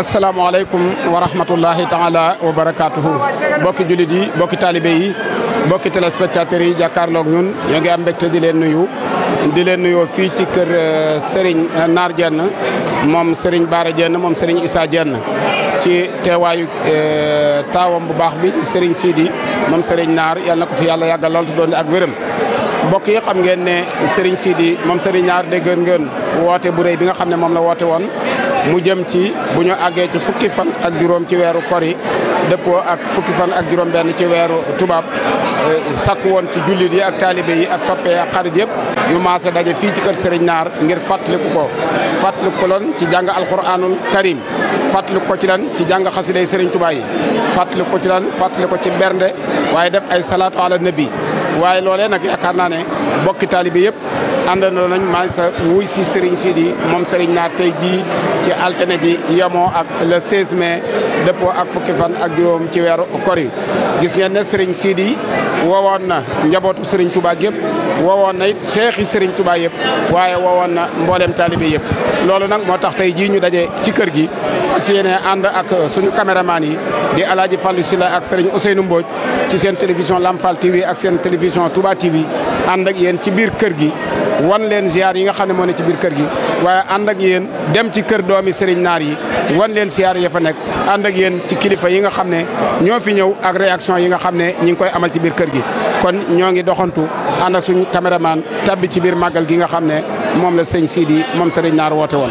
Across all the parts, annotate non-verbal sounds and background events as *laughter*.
asalaamaaleykum wa rahmatullahi taala wa barakaatuhu bokki jullit yi bokki taalibe yi bokki téléspectateurs yi jàkkaarloog ñun ñoo ngi am mbégte di leen nuyu di leen nuyoo fii ci kër euh, Serigne euh, Naar Diène moom Serigne Bara Diène moom Serigne Issa Diène ci teewaayu euh, taawam bu baax bi Serigne Sidi moom Serigne Naar yàlla na ko fi yàlla yàggal lool te doon ak wéram mbokk yi xam ngeen ne Serigne Sidi moom Serigne Naar dégg ngeen woote bu rëy bi nga xam ne moom la woote woon mu jëm ci bu ñu àggee ci fukki fan ak juróom ci weeru kor yi dëppoo ak fukki fan ak juróom benn ci weeru tubaab euh, sakku woon ci jullit yi ak taalibe yi ak soppe ak xarit yëpp ñu maase daje fii ci kër Serigne Naar ngir fàttaliku ko fàttaliku ko loon ci jàng alquranul karim fàttaliku ko ci lan ci jàng xasiday Serigne Touba yi fàttaliku ko ci lan fàttaliku ko ci bernde waaye def ay salaatu ala nabi waaye loole nag yaakaar naa ne bokki taalibe yëpp àndandoo nañ maa ngi sa wuy si Serigne Sidi moom Serigne Naar tey jii ci altine ji yemoo ak le 16 mais dëppoo ak fukki fan ak juróom ci weeru kor yi gis ngeen ne Serigne Sidi wowoon na njabootu Serigne Touba yëpp wowoon na it cheikh yi Serigne yëpp waaye wowoon na mboolem taalibe yëpp loolu nag moo tax tey jii ñu daje ci kër gi fas yéene ànd ak suñu caméraman yi di El Hadj Fallou Sylla ak Serigne Ousseynou Mbodj ci seen télévision Lamfal TV ak seen télévision Touba TV ànd ak yéen ci biir kër gi. wan leen ziar yi nga xam ne moo ne ci biir kër gi waaye ànd ak yéen dem ci kër doomi Serigne Naar yi wan leen ziar ya fa nekk ànd ak yéen ci kilifa yi nga xam ne ñoo fi ñëw ak réaction yi nga xam ne ñi ngi koy amal ci biir kër gi. kon ñoo ngi doxantu ànd ak suñu caméraman tabbi ci biir màggal gi nga xam ne moom la sëñ Sidi moom Serigne Naar woote woon.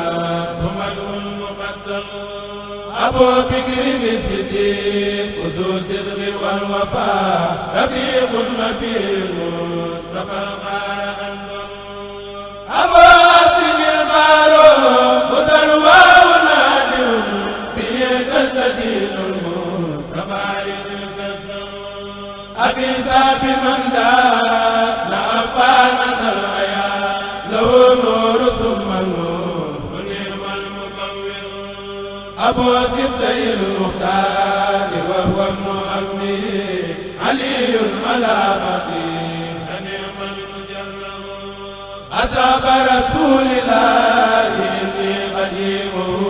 أبو بكر الصديق ذو صدق والوفاء رفيق النبي المصطفى القار أنه أبو عاصم الفاروق مدر ونادر به تستدين المصطفى عليه السلام أبي ساب من دار أبو سبتي المختار وهو ابن عمه علي على خطيب نعم المجرب أصاب رسول الله إني قديمه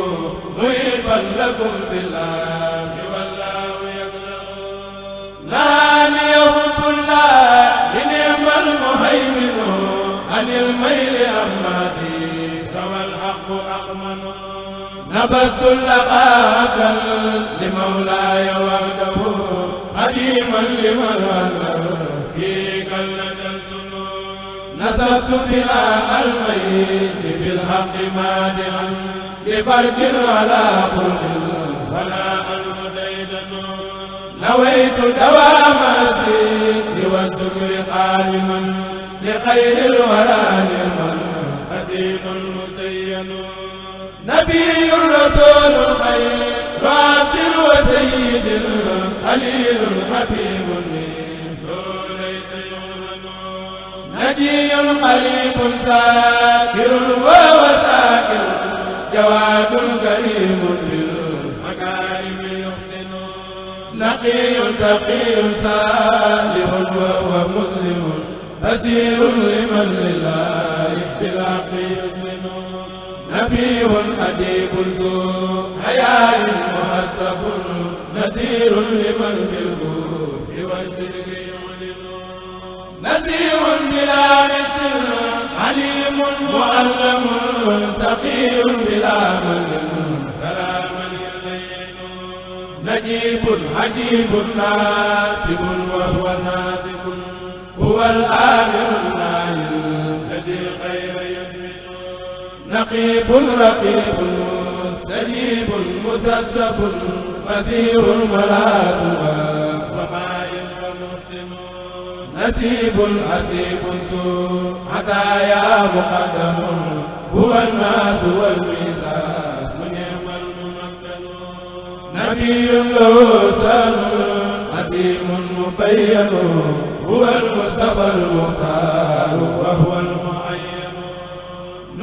مهيبا لكم في الله والله يغلب نهاني حب الله بنعم المهيمن عن الميل أمه نبست اللقاء لمولاي وحده قديما لمن وله في كلة السنون نسبت بلا الميت بالحق مادحا بفرد على خلق ولا الهديدن نويت دوام السكر والسكر قائما لخير الورى لمن أزيد المزين نبي الرسول الخير رب وسيد خليل حبيب نجي قريب ساكر وهو ساكر جواد كريم بالمكارم يحسن نقي تقي صالح وهو مسلم بصير لمن لله بالعقل نبي أديب ذو حياء مهذب نذير لمن بالكفر والشرك يعلن نذير بلا نسر عليم مؤلم سخي بلا من كلاما يلين نجيب عجيب ناسب وهو ناسب هو الآمر الناهي نقيب رقيب مستجيب مسسب مسير ولا سوى وماء ومحسن نسيب عسيب سوء عطايا مقدم هو الناس والميزان منعم الممكن نبي له سان عزيم مبين هو المصطفى المختار وهو المختار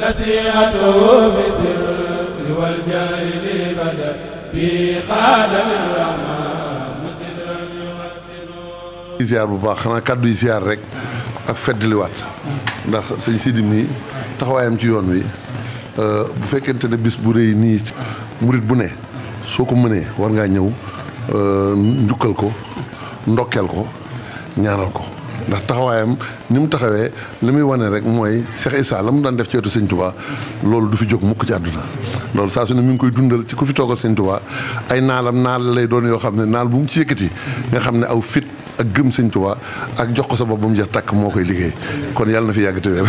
نصيحته بسر والجار لي بدا بخادم الرحمن مسدرا يوسر ziar bu baax xanaa kàddu yi rek ak feddliwaat ndax sëñ Sidi mi taxawaayam ci yoon wi euh, bu fekkente ne bis bu rëy nii murit bu ne soo ko mënee war ngaa ñëw euh, njukkal ko ndokkeel ko ñaanal ko ndax taxawaayam ni mu taxawee li muy wane rek mooy Cheikh Issa la mu daan def ci wetu Sëñ Touba loolu du fi jóg mukk ci àdduna loolu saa su ne mi ngi koy dundal ci ku fi toogal Sëñ Touba ay naalam naal lay doon yoo xam ne naal bu mu ci yëkkati nga xam ne aw fit ak gëm Sëñ Touba ak jox ko sa bopp ba mu jeex tàkk moo koy liggéey kon yàlla na fi yàgg te wér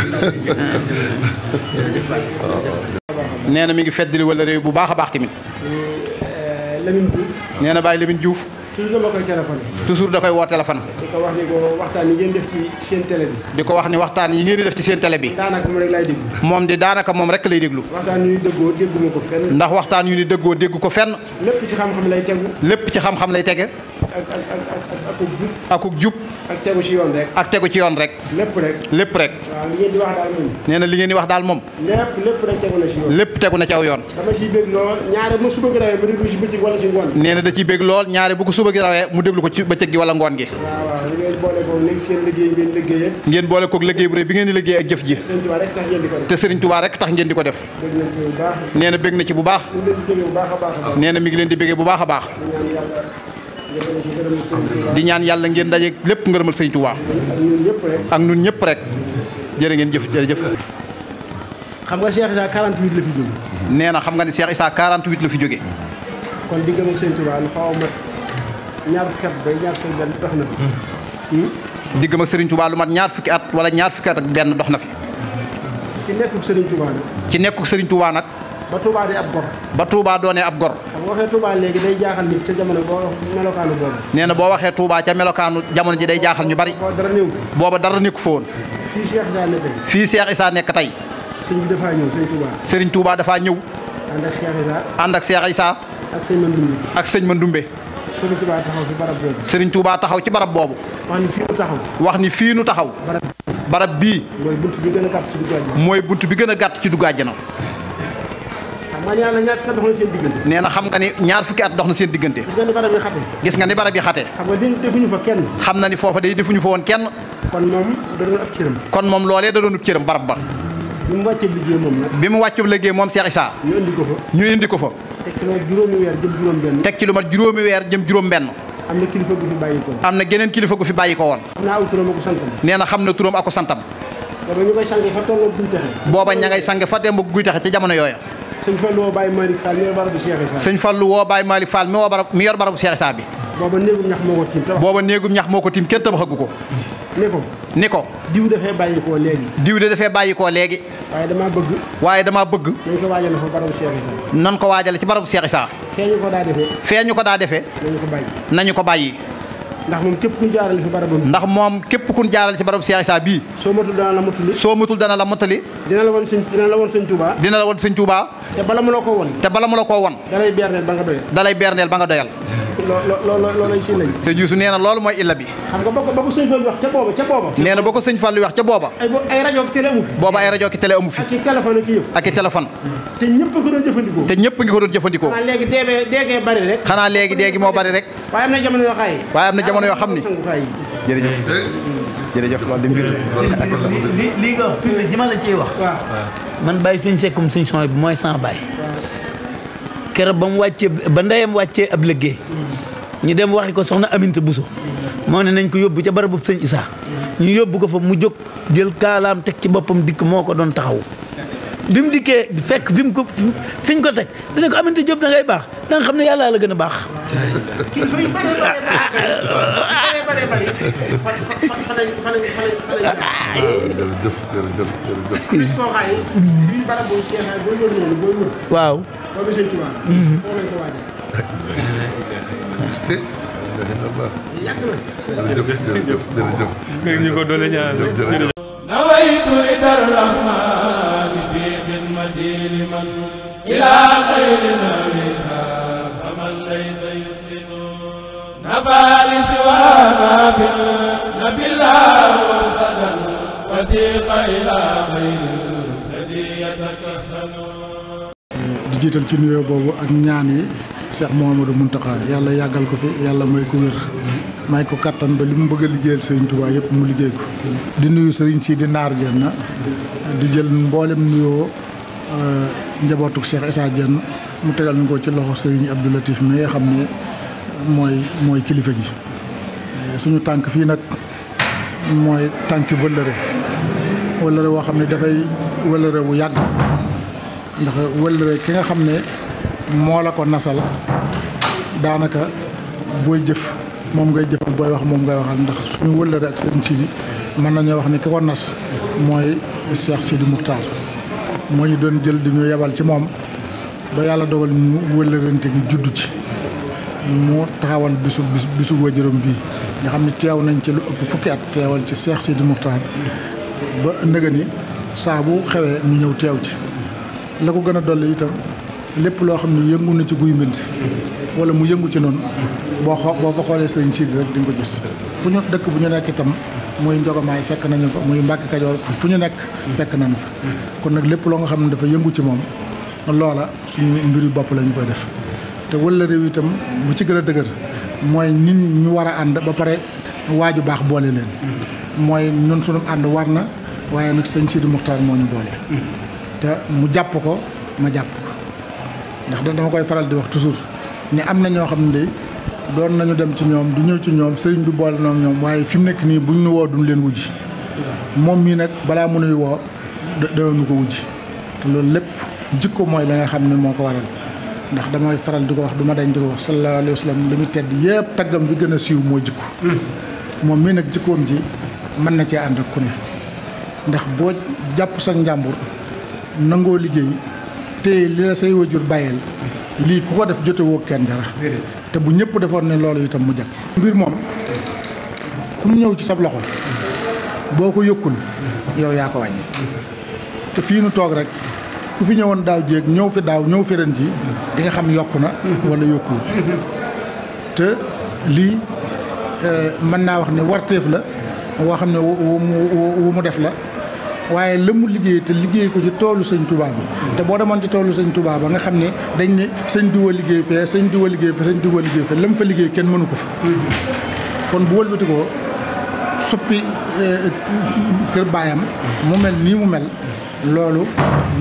*laughs* nee na mi ngi feddali wala bu baax a baax tamit nee na Baye Lamine toujours da koy téléphoné. woo téléphone. di ko wax ni ko waxtaan yi ngeen def ci seen télé bi. di ko wax ni waxtaan yi ngeen di def ci seen télé bi. daanaka moom rek moom di daanaka moom rek lay déglu. waxtaan yu ni ko ndax waxtaan yu ni déggoo dégg ko fenn. lépp ci xam-xam lay tegu. lépp ci xam-xam lay tege. ak jub. ak tegu ci yoon rek. ak tegu ci yoon rek. lépp rek. lépp rek. waaw li ngeen di wax daal moom. lépp lépp tegu na ci lépp tegu na ci aw yoon. dama ciy ci bëccëg lool ñaare bu ko suba gi rawee mu déglu ko ci bëccëg gi wala ngoon gi. ngeen boole koog liggéey bu rëy bi ngeen di liggéey ak jëf ji. te Serigne tubaa rek tax ngeen di ko def. nee na bég na ci bu baax. nee na mi ngi leen di bégee bu baax a baax. di ñaan yàlla ngeen daje lépp ngërëmal Serigne Touba. ak ñun ñëpp rek. jërë ngeen jëf jëf xam nga Cheikh Issa 48 la fi jóge. nee na xam nga ni Cheikh Issa 48 la fi jóge. ñaar fukki at bay ñaar fukki benn dox hmm? lu mat ñaar fukki at wala ñaar fukki at ak benn dox na fi. ci nekkuk sëriñ Touba nag. ba Touba di ab gor. ba tuubaa doonee ab gor. xam léegi day jaaxal ca jamono boo nee na boo waxee tuubaa ca melokaanu jamono ji day jaaxal ñu bari. booba dara nekku fa woon. fii Cheikh Issa nekk tey. fii Cheikh Issa nekk tey. Serigne bi dafaa ñëw Serigne Touba. dafaa ñëw. ànd ak Cheikh Issa. ànd ak sëñ Mandoumbe. ak Serigne Touba taxaw ci barab boobu. Serigne Touba taxaw ci barab wax ni fii nu taxaw. wax ni fii nu taxaw. barab bii. mooy bunt bi gën a gàtt ci dugg àjjana. mooy bunt bi a gàtt nee na xam nga ni ñaar fukki at dox na seen diggante. gis nga ni barab yi xate. gis nga ni barab yi xate. xam nga defuñu fa kenn. xam na ni foofa day defuñu fa woon kenn. kon moom da doon ab cëram. kon moom loolee da doon ab cëram barab ba. bi mu wàccee liggéey moom nag. bi mu wàccee liggéey moom Cheikh Issa. ñu indi ko ñu indi ko fa. weer teg ci lu mat juróomi weer jëm juróom benn am na kilifa gu fi bàyyi ko am na geneen kilifa gu fi bàyyi ko woon nee na xam na turam ak ko santam booba ña ngay sange fa démb guy taxe ca jamono yooya sëñ Fallou woo bàyyi Malick Fall mi yor barabu Cheikh Issa. sëñ Fallou woo Baye Malick Fall mi woo barab mi yor barabu Cheikh Issa bi. booba néegum ñax moo ko tiim tabax. booba néegum ñax moo ko tiim kenn tabaxagu ko. ni ko. ni ko. diw dafee bàyyi koo léegi. diw de dafee bàyyi koo léegi. waaye damaa bëgg. waaye damaa bëgg. nañ ko waajale fa barabu Cheikh nan ko waajale ci barabu Cheikh Issa. fee ñu ko daa defee. fee ñu ko daa defee. nañu ko bàyyi. nañu ko bàyyi. ndax moom képp kuñ jaaral ci barab Cheikh Issa bii soo matul dana la mottali soo matul dana la mottali dina la won sëñ dina dina la won sëñ Touba te bala ko won te bala ko won dalay beerneel ba nga doyal dalay beerneel ba nga doyal loolay ci na loolu mooy illa bi xam nga ba ko ba ko sëñ Fallu wax ca booba ca booba nee na ba ko sëñ Fallu wax ca booba ay rajo ak télé amu fi booba ay rajo ak amu fi ak i te ñëpp ngi ko doon jëfandikoo xanaa léegi déegee moo bari rek waaye jamono yoo xam ni jërëjëf eh? jërëjëf loolu di mbir eh? ak sa ma la ciy wax man bàyyi sëñ sekkum sëñ son bi mooy sans bàyyi keroog ba mu wàccee ba ndeyam wàccee ab liggéey hmm. ñu dem waxi ko soxna Aminta Bousso hmm. moo ne nañ ko yóbbu ca barabu sëñ Issa hmm. ñu yóbbu ko fa mu jóg jël kaalaam teg ci boppam dikk moo ko doon taxaw bi mu dikkee fekk fi mu ko fi ñu ko teg dana amante Diop ngay baax da xam ne yàlla la gën a baax. Mm-hmm. jërëjëf jërëjëf jërëjëf. waaw. di jiital ci nuyoo boobu ak ñaan yi Cheikh Mouhamadou Mountakha yàlla yàggal ko fi yàlla may ko wér may ko kattan ba li mu bëgg a liggéeyal Serigne Touba yëpp mu liggéey ko. di nuyu Serigne si di naar jën na di jël mboolem nuyoo. Euh, njabootuk Cheikh Issa Diène mu tegal ñu ko ci loxo Serigne Abdou Latif mi nga xam ne mooy mooy kilifa gi eh, suñu tànk fii nag mooy tànki wëllëre wëllëre woo xam ne dafay wëllëre wu yàgg ndax wëllëre ki nga xam ne moo la ko nasal daanaka booy jëf moom ngay jëfal booy wax moom ngay waxal ndax suñu wëllëre ak seen Sidi mën nañoo wax ni ki ko nas mooy Cheikh Sidi Moukhtar moo ñu doon jël di ñu yebal ci moom ba yàlla dogal mu wëllërante gi juddu ci mu taxawal bisu bis bisu waajuram bii nga xam ne teew nañ ci lu ëpp fukki at teewal ci seex Cheikh Sidi Moukhtar ba nëga ni saa bu xewee mu ñëw teew ci la ko gën a dolli itam lépp loo xam ne yëngu na ci guy mbind wala mu yëngu ci noonu boo xoo boo fa xoolee sëriñ Sidi rek di nga ko gis fu ñu dëkk bu ñu nekk itam muy njogomaay fekk nañu fa muy Mbàkke Kajoor fu ñu nekk fekk nañu fa kon nag lépp loo nga xam ne dafa yëngu ci moom loola suñu mbir yu bopp lañu koy def te wëllëre réew itam bu ci gën a dëgër mooy nit ñu war a ànd ba pare waaju baax boole leen mooy ñun suñu ànd war na waaye nag sëñ Sidi Muxtaar moo ñu boole te mu jàpp ko ma jàpp ko ndax dama koy faral di wax toujours ni am na ñoo xam ne doon nañu dem ci ñoom du ñëw ci ñoom sëriñ bi boole noog ñoom waaye fi mu nekk nii buñ nu woo duñ leen wujji moom mii nag balaa mu nuy woo danañu ko wujji te loolu lépp jikko mooy la nga xam ne moo ko waral ndax damay faral di ko wax du ma dañ di ko wax sallallahu alayhi wa sallam li tedd yëpp taggam bi gën a siiw mooy jikko moom mii nag jikkoom ji mën na cee ànd ak ku ne ndax boo jàpp sa njàmbur nangoo liggéey te li la say wajur bàyyeel lii ku ko def jotewoo kenn dara te bu ñëpp defoon ne loolu itam mu jag mbir moom ku mu ñëw ci sab loxo boo ko yëkkul yow yaa ko wàññi te fii nu toog rek ku fi ñëwoon daaw jéeg ñëw fi daaw ñëw fi ren ji di nga xam yokku na wala yokkuwul te lii euh, mën naa wax ne warteef la woo xam ne wu mu def la waaye la mu liggéey te liggéey ko ci toolu sëñ Touba bi te boo demoon ci toolu sëñ Touba ba nga xam ne dañ ne sëñ diwa liggéey fee sëñ diwa liggéey fa sëñ diwa liggéey fe la mu fa liggéey kenn mënu ko fa kon bu wëlbati ko suppi eh, eh, kër baayam mu mel nii mu mel loolu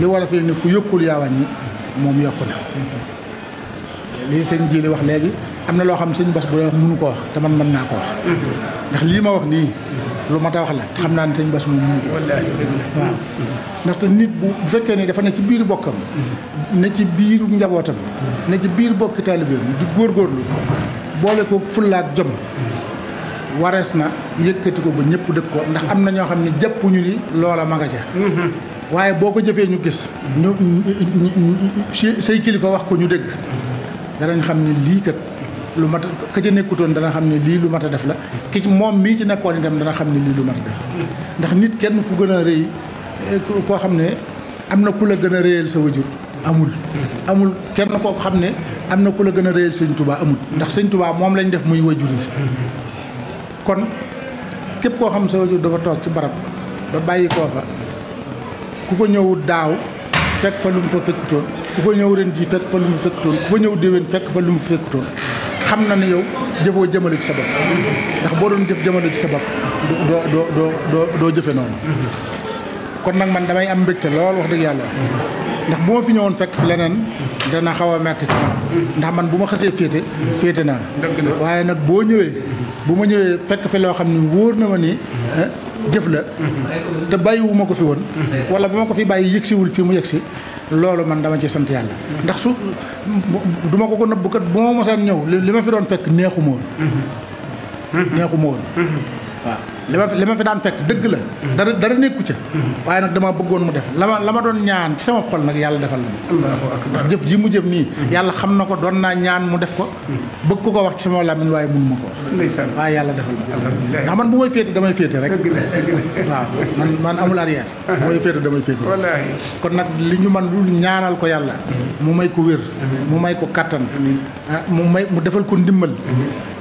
li war a fee ne ku yokkul yaa yi moom yokk na lii sëñ ji li wax léegi am na loo xam sëñ bas bu wax mënu ko wax te man mën naa ko wax ndax lii ma wax nii lu mat a wax la xam naa ne sëñ Bass moom mu waaw mm-hmm. ndaxte nit bu fekkee ni dafa ne ci biir bokkam mm-hmm. ne ci biiru njabootam mm-hmm. ne ci biir bokki taalibeem di góorgóorlu boole ko fullaak jom warees na yëkkati ko ba ñëpp dëkk ko ndax am na ñoo xam ne jàppuñu ni loola ma nga ca waaye boo ko jëfee ñu gis ñu say kilifa wax ko ñu dégg danañ xam ne lii kat lu mat ka ca nekkutoon dana xam ne lii lu mat a def la ki ci moom mii ci nekkoon itam dana xam ne lii lu mat a def ndax nit kenn ku gën a rëy eh, koo xam ne am na ku la gën a réyal sa wajur amul amul kenn koo xam ne am na ku la gën a réyal sëñ tubaa amul ndax sëñ tubaa moom lañ def muy wajur yi kon képp koo xam sa wajur dafa toog ci barab ba bàyyi koo fa ku fa ñëwut daaw fekk fa lu fa fekkutoon ku fa ñëw ren ji fekk fa lu mu fekkutoon ku fa ñëw déwén fekk fa lu mu fekkutoon xam na ne yow jëfoo jëmale ci sa ndax boo doon jëf jëmale ci sa bopp doo doo doo doo doo jëfe noonu kon nag man damay am mbégte lool wax dëgg yàlla ndax bu ma fi ñëwoon fekk fi leneen dana xaw a metti ci ndax man bu ma xasee féete féete naa waaye nag boo ñëwee bu ma ñëwee fekk fi loo xam ne wóor na ma ni eh, jëf la te bàyyiwu ma ko fi woon wala bu ma ko fi bàyyi yëgsiwul fi mu yëgsi loolu man dama ci sant yàlla ndax su duma ma ko ko nëbb kat bu ma mosaan ñëw li ma fi doon fekk neexu ma woon mm-hmm. Mm-hmm. neexu ma mm-hmm. li ma fi li ma fi daan fekk dëgg la. dara dara nekku ca. waaye nag dama bëggoon mu def la ma la ma doon ñaan ci sama xol nag yàlla defal na jëf ji mu jëf nii. yàlla xam na ko doon naa ñaan mu def ko. bëgg ko ko wax ci sama làmmiñ waaye mënu ma ko wax. ndeysaan waaye yàlla defal na ndax man bu may féete damay féete rek. waaw man man amul arrière. bu may féete damay féete. kon nag li ñu man lu ñaanal ko yàlla. mu may ko wér. mu may ko kattan. Ah, mu may mu defal ko ndimbal.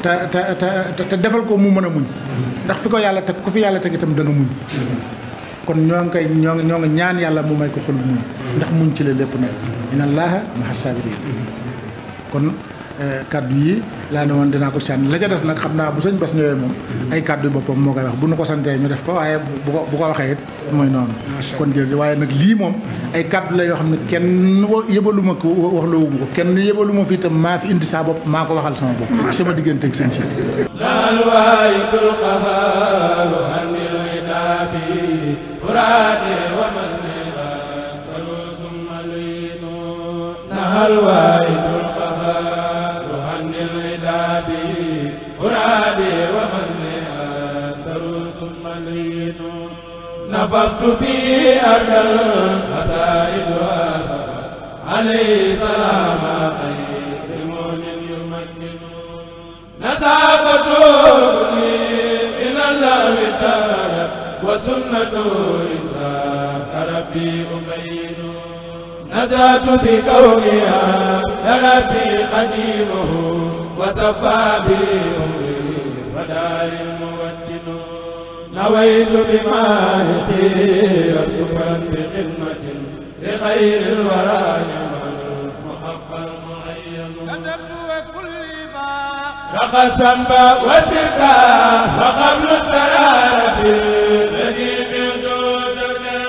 te te te te defal ko mu mën a muñ. ndax fi ko yàlla yàlla teg ku fi yàlla teg itam dana muñ kon ñoo ngi koy ñoo ngi ñaan yàlla mu may ko xol muñ ndax muñ ci la lépp nekk inna allaha maha sabirin kon Euh, kaddu yi laa ne woon dinaa ko sànni la ca des nag xam naa bu sëñ bas ñëwee moom ay kaddu boppam moo koy wax bu nu ko santee ñu def ko waaye bu ko bu ko waxee it mooy noonu kon jërëjëf waaye nag lii moom ay kaddu la yoo xam ne kenn yëbaluma ko wax loowuma ko kenn yëbaluma fi itam maa fi indi saa bopp maa ko waxal sama bopp sama diggante ak seen siit alwaay الباب ومزنها دروس ملين نفضت بي أرجى الخسائد وأسف عليه سلام خير مول يمكن نسابة إلى الله تعالى وسنة إنسان ربي أبين نزعت بكونها لربي خديمه وسفى بي أمي ودار مودن نويت بمالكي سفرا بخدمة لخير الورى نعم محفى معين كتبت وكل ما رخصا وسركا وقبل السرابي الذي بدودنا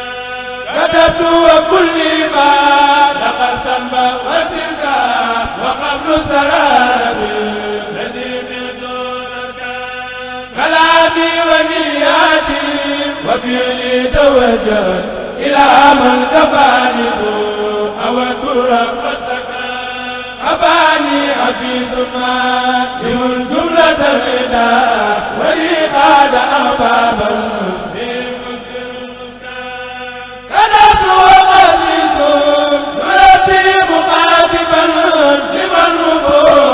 كتبت وكل ما رخصا وسركا وقبل السرابي كلامي ونياتي وفعلي توجه إلى من كفاني سوء وكرم والسكاء أباني حفيظ ما له الجملة الرداء ولي قاد أحبابا كذبت وقفيس مرتي مخاطبا لمن نبوه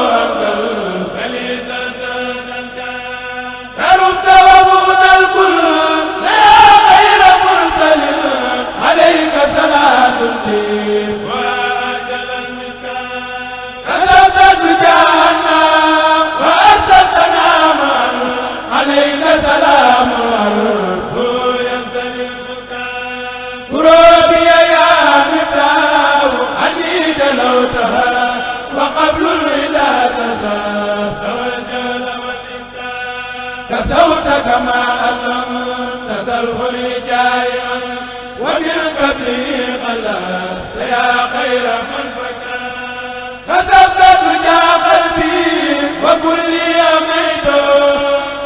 كما أتممت سله جائعا ومن قبله خلصت يا خير من فكا كسبت وجا قلبي وكل أميت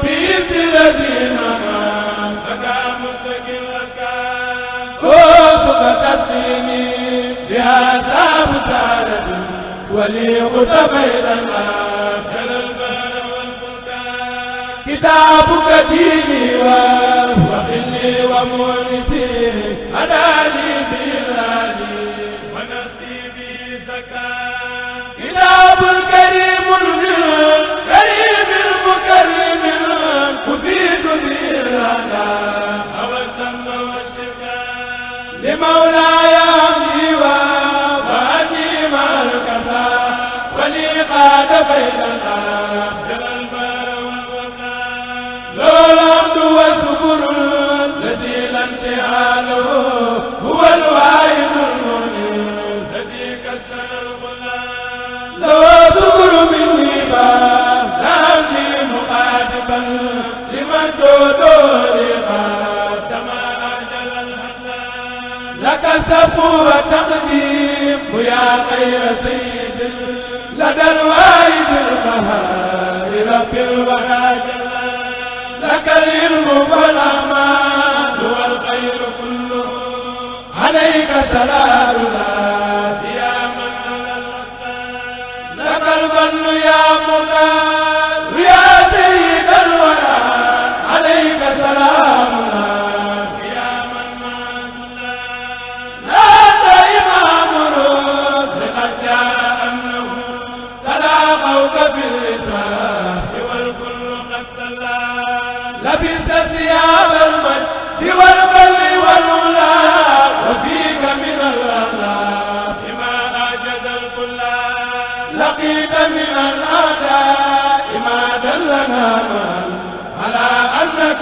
بيس الذي نما سكا مستقل أسكا وسك تسليمي بهذا مسارة ولي خطبي الأنهار كتابك ديني ووقني ومن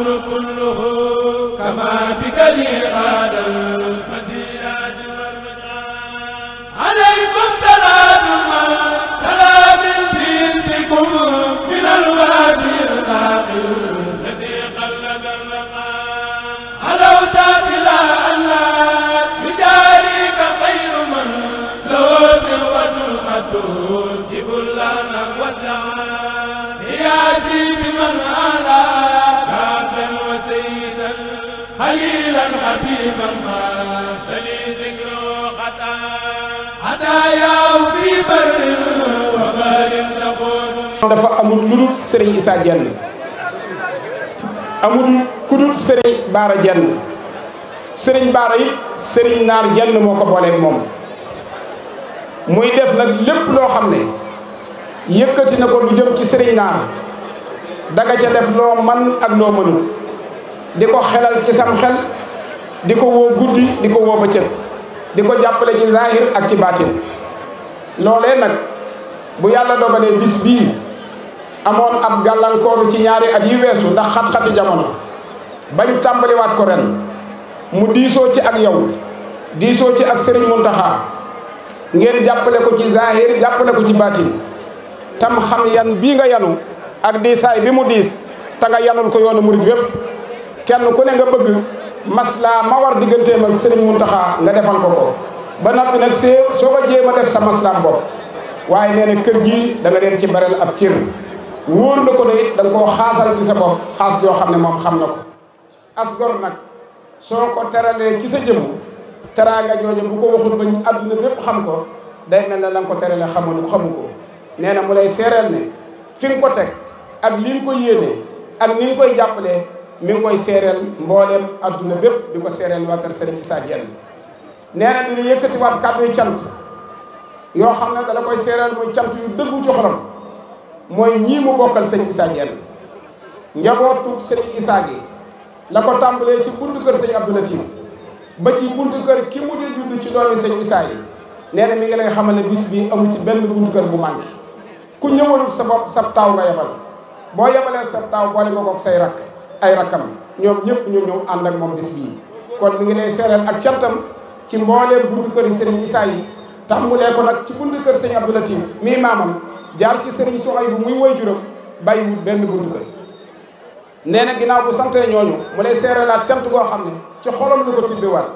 الأمر كله كما بك لي غاد المزيات والرجعان عليكم سلام سلام الدين بكم من الوادي الباقي الذي قلد الرقان ألو تابلا أن لا يجاريك خير من لو سروة القدود جب اللعنة والدعاء يا سيدي من أعلى حبيبا فلي ذكر خطا هداياه في بر dafa amul lu dul Serigne Issa Diène amul ku dul Serigne Bara Diène Serigne Bara Naar Diène moo ko booleeg moom muy def nag lépp loo xam ne yëkkati na ko lu jëm ci sëriñ Naar danga ca def loo man ak loo mënul di ko xelal ci sam xel di ko woo guddi di ko woo bëccëg di ko jàppale ci zahir ak ci baatin loolee nag bu yàlla dogalee bis bii amoon ab gàllankooru ci ñaari at yi weesu ndax xat-xati jamono bañ tàmbaliwaat ko ren mu diisoo ci ak yow diisoo ci ak Serigne Mountakha ngeen jàppale ko ci zahir jàppale ko ci baatin tam xam yan bii nga yanu ak diisaay bi mu diis te nga yanul ko yoonu mu wépp kenn ku ne nga bëgg maslaa ma war digganteem ak sëriñ Muntaxa nga defal ko ko ba noppi nag see soo ko jéem a def sa maslaam bopp waaye nee kër gi da nga leen ci baral ab cër wóor na ko ne it da nga koo xaasal ci sa bopp xaas joo xam ne moom xam na ko as gor nag soo ko teralee ci sa jëmm teraanga jooju bu ko waxul ba ñu àdduna bépp xam ko day mel ne la nga ko teralee xamul xamu ko nee na mu lay seereel ne fi ko teg ak li nga ko yéene ak ni nga koy jàppalee mi ngi koy seereel mbooleem adduna bépp di ko seereel waa kër Serigne Issa Diène nee na dina yëkkatiwaat kàddu yu cant yoo xam ne dala koy seereel muy cant yu dëggu ci xolam mooy ñii mu bokkal Serigne Issa Diène njabootu Serigne Issa gi la ko tàmbalee ci buntu kër Serigne Abdou Latif ba ci buntu kër ki mu di dund ci doomi Serigne Issa yi nee na mi ngi lay xamal ne bis bi amul ci benn buntu bu manqué ku ñëwalul sa bopp sab taaw nga yebal boo yebalee sab taaw ay rakkam ñoom ñëpp ñu ñëw ànd ak moom bis bii. kon mu ngi lay seeral ak cantam ci mbooleem buntu kër Serigne Issa yi tàmbulee ko nag ci buntu kër Serigne Abdou Latif mii maamam jaar ci Serigne Souhaïbou muy woy juróom bàyyiwut benn buntu kër. nee na ginnaaw bu santee ñooñu mu lay seeralaat cant goo xam ne ci xolam lu ko tibbiwaat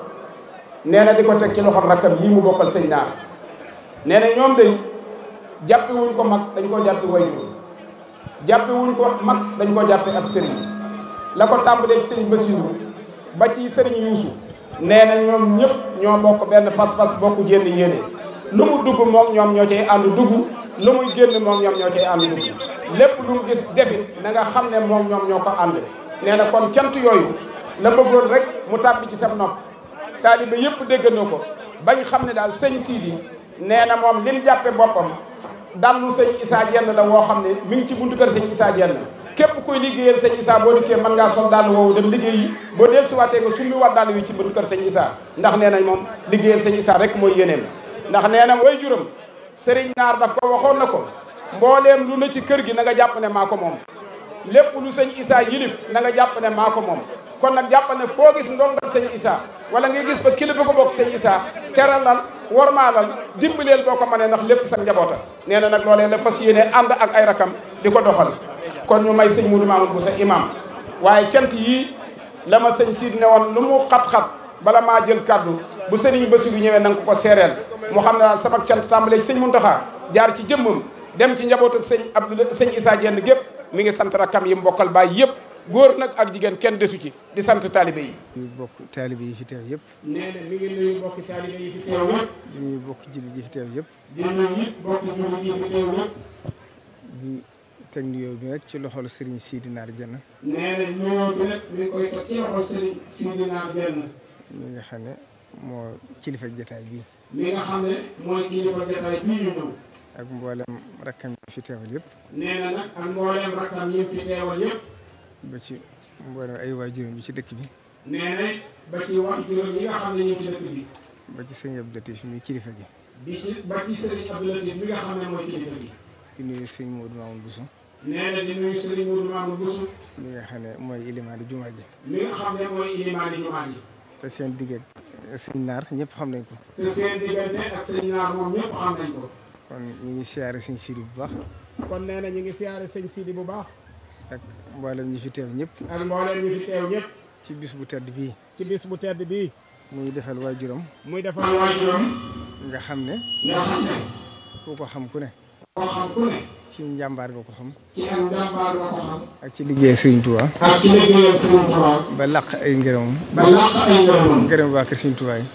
nee na di ko teg ci loxol rakkam yii mu bokkal sëñ ñaar nee na ñoom day jàppe wuñ ko mag dañ koo jàppe wayjur jàppe wuñ ko mag dañ ko jàppe ab sëriñ la ko tàmbalee ci sëñ Basiru ba ci sëriñ Yuusu nee na ñoom ñëpp ñoo bokk benn pas-pas bokk jénn yéene lu mu dugg moom ñoom ñoo cay ànd dugg lu muy génn moom ñoom ñoo cay ànd dugg lépp lu mu gis defit na nga xam ne moom ñoom ñoo ko ànd nee na kon cant yooyu la bëggoon rek mu tàbbi ci sam nopp taaliba yëpp déggandoo ko bañ xam ne daal sëñ Sidi nee na moom lim jàppe boppam dallu sëñ Issa Dieng la woo xam ne mi ngi ci buntu kër sëñ Issa Dieng képp kuy liggéeyal sëñ Issa boo dikkee mën ngaa sol dàll woowu dem liggéey boo del si waatee nga summi waat dàll wi ci bunt kër sëñ Issa ndax nee nañ moom liggéeyal sëñ Issa rek mooy yéeneem ndax nee na way juram sëriñ naar daf ko waxoon na ko mbooleem lu ne ci kër gi na nga jàpp ne maa ko moom lépp lu sëñ Issa yilif na nga jàpp ne maa ko moom kon nag jàpp ne foo gis ndongal sëñ Issa wala nga gis fa kilifa ko bokk sëñ Issa teralal wormaalal dimbaleel boo ko mënee ndax lépp sa njaboota nee na nag loolee la fas yéene ànd ak ay rakam di ko doxal kon ñu may sëñ Modou Mamoun Bousso imam waaye cant yii la ma sëñ siid ne woon lu mu xat-xat bala maa jël kaddu bu sëriñ Bassirou ñëwee na nga ko ko seereel mu xam ne daal sama cant tàmbalee sëñ Mountakha jaar ci jëmmam dem ci njabootu sëñ Abdou sëñ Issa Diène gépp mi ngi sant rakkam yi mbokkal baay yëpp góor nag ak jigéen kenn desu ci di sant taalibe yi. nuyu bokk taalibe yi fi bokk taalibe yëpp. teg nuyoo bi nag ci loxol Serigne Sidi Naar Jenn. nee na nuyoo bi nag mi koy ci loxol Serigne Sidi Jenn. mi nga xam ne moo kilifa jataay bii. mooy kilifa ak mboolem rakkam yi fi ay waajuram yi ci dëkk bi. nee na ba ci waajuram yi Latif mi kilifa bi ba ci sëñ Abdou Latif mi nga xam ne mooy kilifa gi. di nuyu sëñ Modou Mamoun Bousso. nee mooy ilimaani jumaa ji. mi nga xam ne ñëpp xam nañ ko. ñu ngi siyaare sëñ Sidi bu baax. kon nee na ñu ngi siyaare sëñ Sidi bu baax. ak mboolem ñi fi teew ñëpp. ñëpp. ci bis bu tedd bii. ci bis bu tedd bii. muy defal waajuram. muy defal waajuram. nga xam ne. nga xam ne. ku ko xam ku ne. koo xam ku ne. ci njàmbaar nga ko xam. ci am njàmbaar nga ak ci liggéeyal Serigne Touba. ba laq ay ngërëmam. ba laq ay ngërëmam. ngërëm waa kër Serigne Touba yi.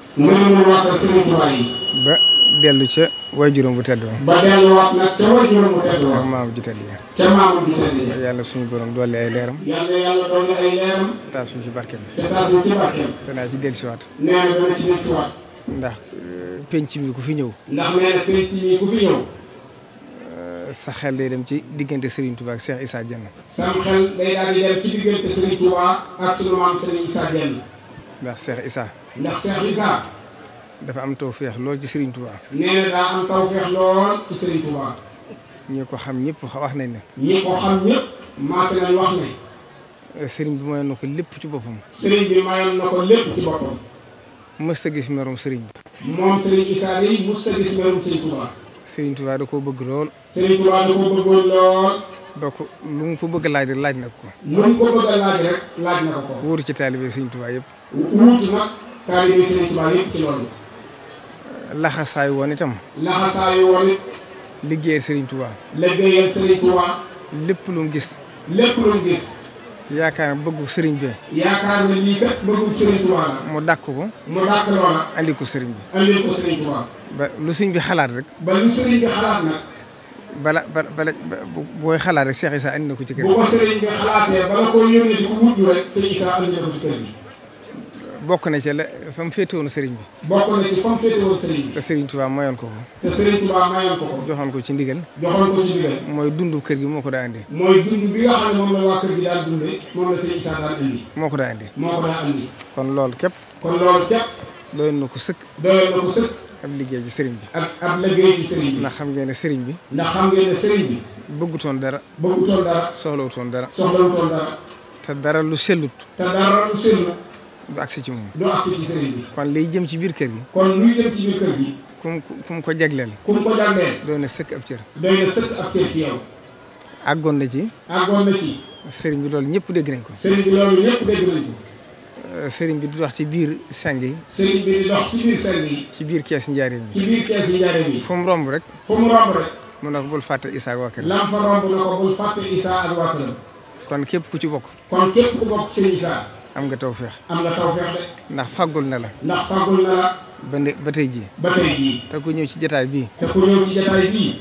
ba dellu ca waajuram bu tedd wa. ba delluwaat nag ca waajuram bu tedd wa. ak maam ju ca maam ju tedd yàlla suñu borom doole ay leeram. yàlla yàlla doole ay leeram. te taas ci barkeem. te taas suñu ci barkeem. danaa ci dellusiwaat. nee na dana ci dellusiwaat. ndax euh, penc mi ku fi ñëw. ndax nee na penc mi fi ñëw. sa xel day dem ci diggante Serigne Touba ak Cheikh Issa Dieng. sam xel day daal di dem ci diggante Serigne Touba ak sunu maam Serigne Issa Dieng. ndax Cheikh Issa. ndax Cheikh Issa. dafa am tawféex lool ci Serigne Touba. nee na daa am tawféex lool ci Serigne Touba. ñi ko xam ñëpp wax nañ ne. ñi ko xam ñëpp. maase nañ wax ne. Serigne bi mayoon na ko lépp ci boppam. Serigne bi mayoon na ko lépp ci boppam. mës ta gis merum Serigne bi. moom Serigne Issa day mës ta gis merum Serigne Touba. Sëriñ Tuubaa da koo bëgg lool. Sëriñ Tuubaa da ko bëgg laaj rek laaj na ko. bëgg laaj rek laaj na ko. wóoru ci taalibe Sëriñ Tuubaa yëpp. wuutu nag taalibe Sëriñ Tuubaa yëpp ci loolu. laxasaay woon itam. laxasaay woon it. liggéeyal Sëriñ Tuubaa. lépp lu gis. lépp lu gis. yaakaar bëggu sëriñ bi. yaakaar ne lii kat bëggu sëriñ Tuubaa mu dàkk ko. mu dàkk loola. andi sëriñ bi. andi ko sëriñ Tuubaa. ba lu sëriñ bi xalaat rek. ba lu sëriñ bi xalaat nag. bala bala bala booy xalaat rek Cheikh Issa andi na ko ci kër bi bala koo yónnee di ko wut rek sëriñ Issa andi na ko bokk na ci la fa féete féetewoon sëriñ bi. bokk na ci fa mu féetewoon sëriñ bi. te sëriñ Tuubaa mayoon ko ko. te sëriñ Tuubaa mayoon ko ko. joxoon ko ci ndigal. joxoon ko ci kër gi moo ko daa indi. mooy dundu bi nga xam ne moom la waa kër gi daal dundee. moom la sëriñ Issa daal indi. moo ko daa indi. moo ko daa indi. kon loolu képp. kon ko sëkk. doyoon ko sëkk. ab liggéey ci sëriñ bi. ab ab liggéey ci sëriñ bi. ndax xam ngeen ne sëriñ bi. bëggutoon dara. bëggutoon dara. soxlawutoon du agsi ci ci sëriñ bi. kon liy jëm ci biir kër gi. kon luy jëm ci biir kër gi. kum ko jagleel. loolu ñëpp dégg nañ euh, bi di dox ci biir seng biir kees njaareem bi. ci biir kon képp ku ci bokk. kon képp ku bokk ci Issa. am nga tawfeex. am nga tawfeex ndax faggul na la. ndax faggul na la. ba ne ba tey jii. ba ñëw ci jataay bi te ñëw ci jataay bii.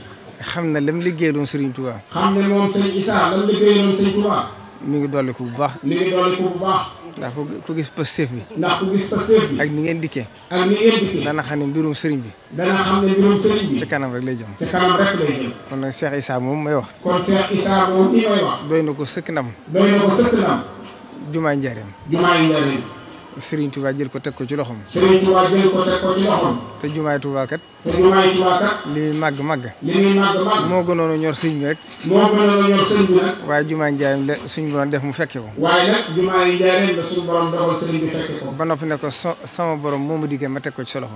xam na lam liggéeyaloon Serigne Touba. xam ne moom Serigne Issa lam liggéeyaloon Serigne Touba. mi ngi dolli ko bu baax. mi ko bu baax. ndax ku gis Pastef bi. ndax ku gis Pastef bi. ak ni ngeen dikkee. ak ni ngeen dikkee. dana xam ne mbirum Serigne bi. dana xam ne mbirum Serigne bi. ca kanam rek lay jëm. ca kanam rek lay jëm. kon nag Cheikh Issa moom may wax. kon Cheikh Issa moom jumaay njaareem. jumaay njaareem. Serigne Touba jël ko teg ko ci loxoom. Serigne Touba jël ko teg ko ci loxoom. te jumaay Touba kat. te jumaay Touba kat. li muy màgg màgg. li muy màgg màgg. moo gënoon ñor sëñ bi rek. moo waaye jumaay njaareem la mu fekke la suñu borom dogal sëriñ bi fekke ko. ba noppi ne ko sama borom moo ma digal ma teg ko ci sa loxo.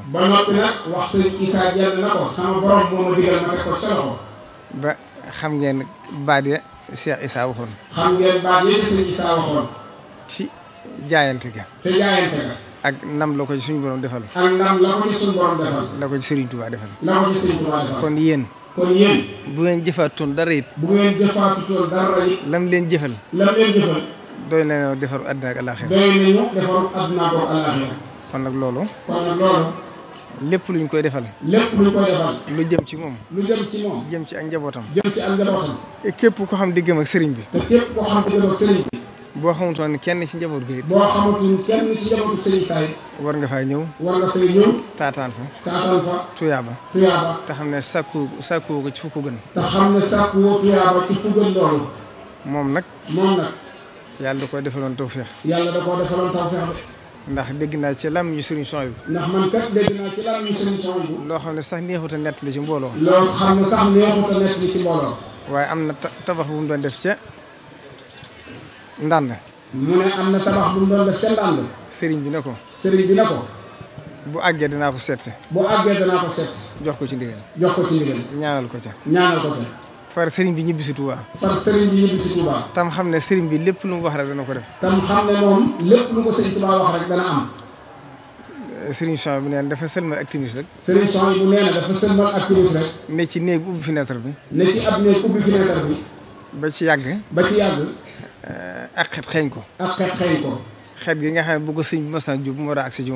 ba xam ngeen baat ya Cheikh Issa waxoon. xam ngeen baat ya Cheikh Issa waxoon. ci jaayante ga. te jaayante ga. ak nam la ko ci suñu borom defal. ak nam la ko ci suñu borom defal. la ko ci Serigne Touba defal. la ko ci Serigne Touba defal kon yéen. kon yéen. bu ngeen jëfaatoon dara it. bu ngeen jëfaatoon dara it. lam leen jëfal. lam leen jëfal. doy nañoo defaru àddina ak àllaaxira. doy nañu defaru àddina ak àllaaxira. kon nag loolu. kon nag loolu. lépp luñ koy defal. lépp luñ koy defal. lu jëm ci moom. lu jëm ci moom. jëm ci ak njabootam. jëm ci ak njabootam. te képp koo xam diggam ak sëriñ bi. te képp koo xam diggam ak sëriñ bi. boo xamutoon kenn ci njaboot gi. boo xamutoon kenn ci njabootu sëriñ Saay. war nga faa ñëw. war nga fay ñëw. taataan fa. taataan fa. tuyaaba. tuyaaba. te xam ne sàkku sàkku ko ci fukku gën. te xam ne sàkku woo tuyaaba ci fukku gën moom nag. moom nag. yàlla koo defaloon tawféex. yàlla da koo defaloon tawféex ndax dégg naa ci lam ñu sëriñ son bi. ndax man kat dégg naa ci lam ñu sëriñ son bi. loo xam ne sax neexut a nett li ci mbooloo. loo xam ne sax neexut na tabax bu doon def ca ndànd mu ne am na tabax bu mu doon def ca ndànd sëriñ bi ne ko sëriñ bi ne ko bu àggee danaa ko seet bu àggee danaa ko seet jox ko ci ndigal jox ko ci ndigal ñaanal ko ca ñaanal ko ca far sëriñ bi ñibbi si far sëriñ bi ñibbi si tam xam ne sëriñ bi lépp lu mu wax rek dana ko def. tam xam ne moom lépp lu ko sëriñ Touba wax rek dana am. Eh, sëriñ Sow bu neen dafa sëriñ Sow bu rek. ne ci néeg ubbi fenêtre bi. ne ci ab néeg ubbi bi. ci yàgg. Eh, ak xet xeeñ ko. ak xet xeeñ ko. xet gi nga xam ne bu ko sëñ bi mos a jub moo daa agsi ci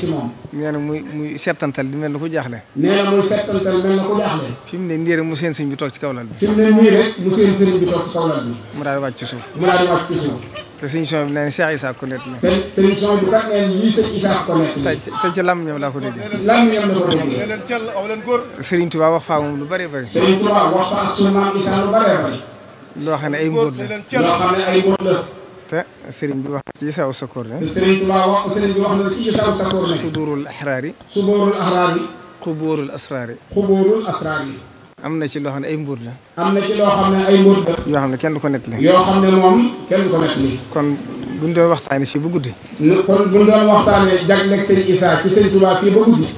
ci moom. nee muy muy settantal di mel ni ku jaaxle. nee na settantal mel na ko jaaxle. fi mu ne nii rek mu seen sëñ bi toog ci kaw lal bi. fi ne nii rek mu seen sëñ bi toog ci kaw lal bi. mu daal di wàcc su mu daal di wàcc ci te sëñ son bi nee na Cheikh Issa ko nett na. sëñ son bi kat nee na lii sëñ Issa ko nett na. te ci lam ñoom laa ko déggee. lam ñoom la ko déggee. leen cell aw leen góor. Serigne Touba wax faa moom lu bëree bëri. Serigne Touba wax faa ak sunu maam Issa lu bëree bëri. loo xam ne ay mbóot la. loo xam ne ay mbóot la. te Serigne bi wax ci Issa Sakkoor ne. te Serigne Touba wax Serigne bi wax na ci Issa Sakkoor ne. Sudurul Ahraari. Sudurul Ahraari. Xuboorul Asraari. Xuboorul Asraari. am na ci loo xam ne ay mbuur la. am na ci loo xam ne ay mbuur la. yoo xam ne kenn du ko nettali. yoo xam ne moom kenn du ko nettali. kon buñ doon waxtaanee fii ba guddi. kon buñ doon waxtaanee jagleeg sëñ Issa ci sëñ Touba fii ba guddi.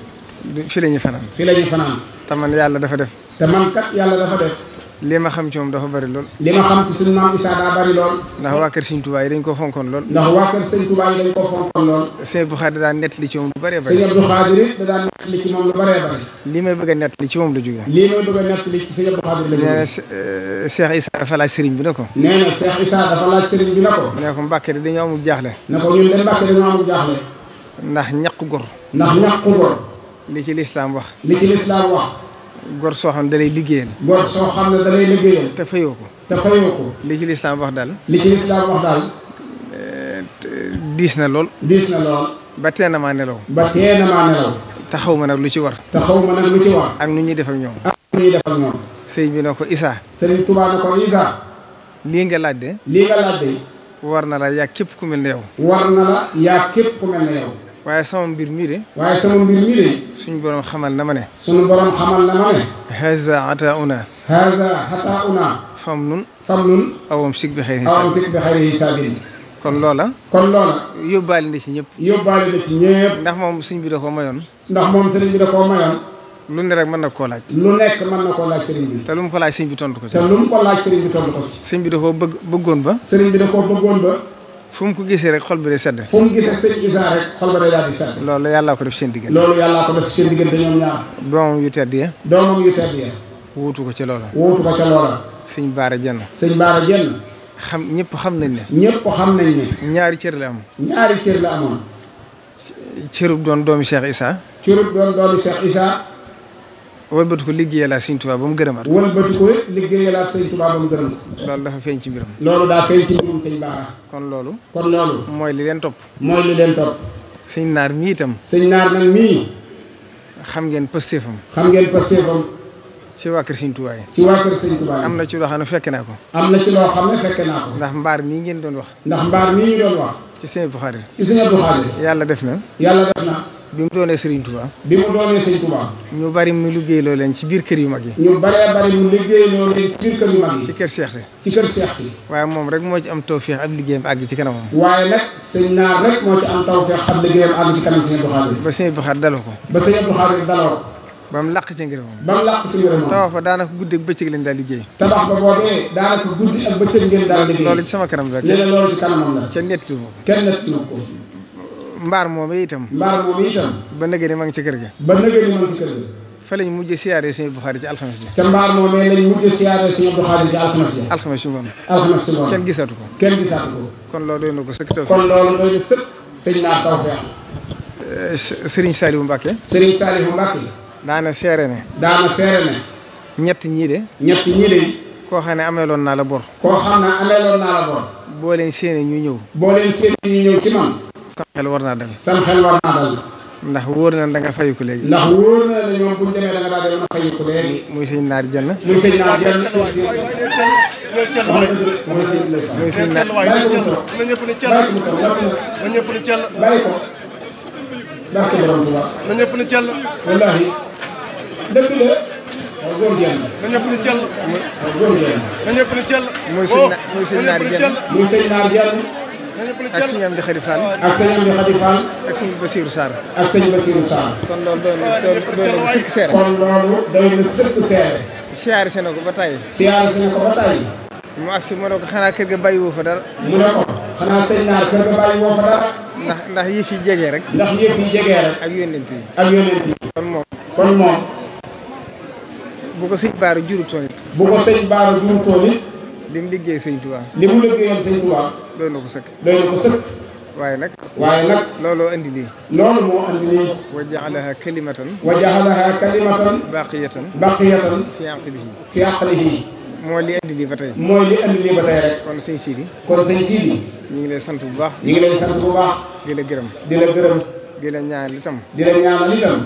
fi la ñuy fanaan. fi la ñuy fanaan. te man yàlla dafa def. te man kat yàlla dafa def. li ma xam ci moom dafa bari lool li ma xam ci suñu maam Issa daa bari lool ndax waa kër Sëñ Tuubaa yi dañ ko fonkoon lool ndax waa kër Sëñ Tuubaa yi dañ ko fonkoon lool Sëñ Abdou Khadir daa nettali ci moom lu bëree bëri Sëñ Abdou Khadir da daa nettali ci moom lu bëree bëri lii may bëgg a nettali ci moom la jógee lii may bëgg a nettali ci Sëñ Abdou Khadir la jógee nee na eh, Cheikh Issa dafa laaj sëriñ bi na ko nee na Cheikh Issa dafa laaj sëriñ bi na ko ne ko Mbàkke de dañoo amul jaaxle na ko ñun de Mbàkke dañoo amul jaaxle ndax ñàkk gor ndax ñàkk gor li ci lislaam wax li ci lislaam wax gor soo xam ne da lay liggéeyal. gor soo xam ne da liggéeyal. te fayoo ko. te fayoo ko. li ci lislaam wax daal. li ci lislaam wax daal. Eh, diis na lool. diis na lool. ba tee maa nelaw. ba tee ma nag lu ci war. taxaw ma nag lu ci war. ak nu ñuy def ñoom. ak bi na ko Isa. sëñ Tuubaa na ko Isa. lii nga laaj de. lii nga laaj war na la yaa képp ku mel ne yow. war na la yaa képp ku mel ne yow. waaye sama mbir mii de. waaye sama mbir mii xamal na ma ne. suñu borom xamal na ma ne. haza atauna. haza atauna. fam nun. fam nun. awam sig bi xëy awam bi kon loola. kon loola. yóbbaale na ci ñëpp. yóbbaale na ci ñëpp. ndax moom sëñ bi da ko mayoon. ndax moom sëriñ bi da koo mayoon. lu ne rek mën na koo laaj. lu nekk mën na koo laaj bi. ko tontu ko ci. te bi tontu ko bëgg bëggoon ba. sëriñ bi da koo bëggoon ba. fu mu ko gisee rek xol bi day sedd. fu mu gisee sëñ Issa rek xol ba day daal di sedd. loolu yàllaa ko def seen diggante. loolu yàllaa ko ñoom ñaar. doomam yu tedd ya. doomam yu tedd ya. wuutu ko ca loola. wuutu ko ca loola. sëñ Baara Jenn. sëñ Baara Jenn. xam ñëpp xam nañ ne. ñëpp xam nañ ne. ñaari cër la am. ñaari cër la amoon. cërub doon doomi Cheikh Issa. cërub doon doomi Cheikh Issa. wëlbatu ko liggéeyalaat Sëriñ Tuubaa ba mu gërëmaat ko. wëlbatu ko liggéeyalaat Sëriñ Tuubaa ba mu gërëm ko. loolu dafa feeñ ci mbiram. loolu daa feeñ ci mbirum sëñ Baara. kon loolu. mooy li leen topp. mooy li leen topp. sëñ naar mii tam sëñ naar nag mii. xam ngeen pëstéefam. xam ngeen pëstéefam. ci ci waa kër Sëriñ am na ci loo xam ne naa ko. am na ci loo xam ne fekke naa ko. ndax mbaar mii ngeen doon wax. ndax mbaar mii ñu doon wax. ci sëñ Buxaari. ci yàlla def na. yàlla bi mu doonee Serigne Touba. bi mu doonee Serigne Touba. ñu bari mu liggéeyloo leen ci biir kër yu mag yi. ñu baree bari mu liggéeyloo leen ci biir kër yu mag yi. ci kër Cheikh si. ci kër Cheikh si. waaye moom rek moo ci am tawféex ab liggéeyam am tawféex ci kanam sëñ Buxaari. ba sëñ Buxaari daloo ko. ba sëñ Buxaari daloo ko. ba mu làq ci moom. ba mu làq ci moom. tabax ba daanaka guddi ak bëccëg lañ daal liggéey. tabax ba boo daanaka guddi ak bëccëg ngeen daal liggéey. loolu ci sama kanam la. loolu ci kanamam la. kenn nettali ko. kenn ko. mbaar moom itam. mbaar moom itam. ba nëgëri ma ngi ci kër ga. ba nëgëri ma ngi ci kër ga. fa lañ mujj siyaare Sëñ Buxaari ci alxames ji. ca mbaar moom lañ mujj siyaare Sëñ Buxaari ci alxames ji. alxames ci ngoon. alxames ci ngoon kenn gisaatu ko. kenn gisaatu ko. kon loolu doy na ko sëkk taw. kon loolu doy na sëkk sëñ naa taw feex. Eh, Serigne Saliou Mbacke. Serigne Saliou Mbacke. daana seere ne. daana seere ne. ñett ñii de. ñett ñii de. koo xam ne ameeloon naa la bor. koo xam ne ameeloon naa la bor. boo leen séenee ñu ñëw. boo leen séenee ñu ñëw ci man xel war naa dal. seen xel war naa ne cell. na ñëpp ne cell. bàyyi ko. ne cell. ak sëñ Amdi Khady Fall. ak sëñ Amdi Khady Fall. ak ak sëñ Bassirou Sarr. kon loolu doon na doon na kon loolu doy na sëkk seere. siyaare si na ko ba tey. siyaare si na ko ba tey. mu agsi mu ne ko xanaa kër ga bàyyi woo fa dara. mu ne ko xanaa sëñ naa kër ga bàyyi woo fa dara. ndax ndax yëf yi jege rek. ndax yëf jege rek. ak yónneent ak yónneent kon moom kon moom. bu ko sëñ Baaru jurutoon it. bu ko sëñ Baaru jurutoon it. li mu liggéey sëñ Tuubaa li mu liggéeyal sëñ Tuubaa doy na ko sëkk doy na ko sëkk waaye nag waaye nag looloo andi lii loolu moo andi lii wa jaalaha kalimatan wa jaalaha kalimatan baqiyatan baqiyatan fi aqlihi fi aqlihi moo li andi lii ba tey mooy li andi ba tey rek kon sëñ Sidi kon sëñ Sidi ñu ngi lay sant bu baax ñu ngi lay sant bu baax di la gërëm di la gërëm di la ñaanal itam di la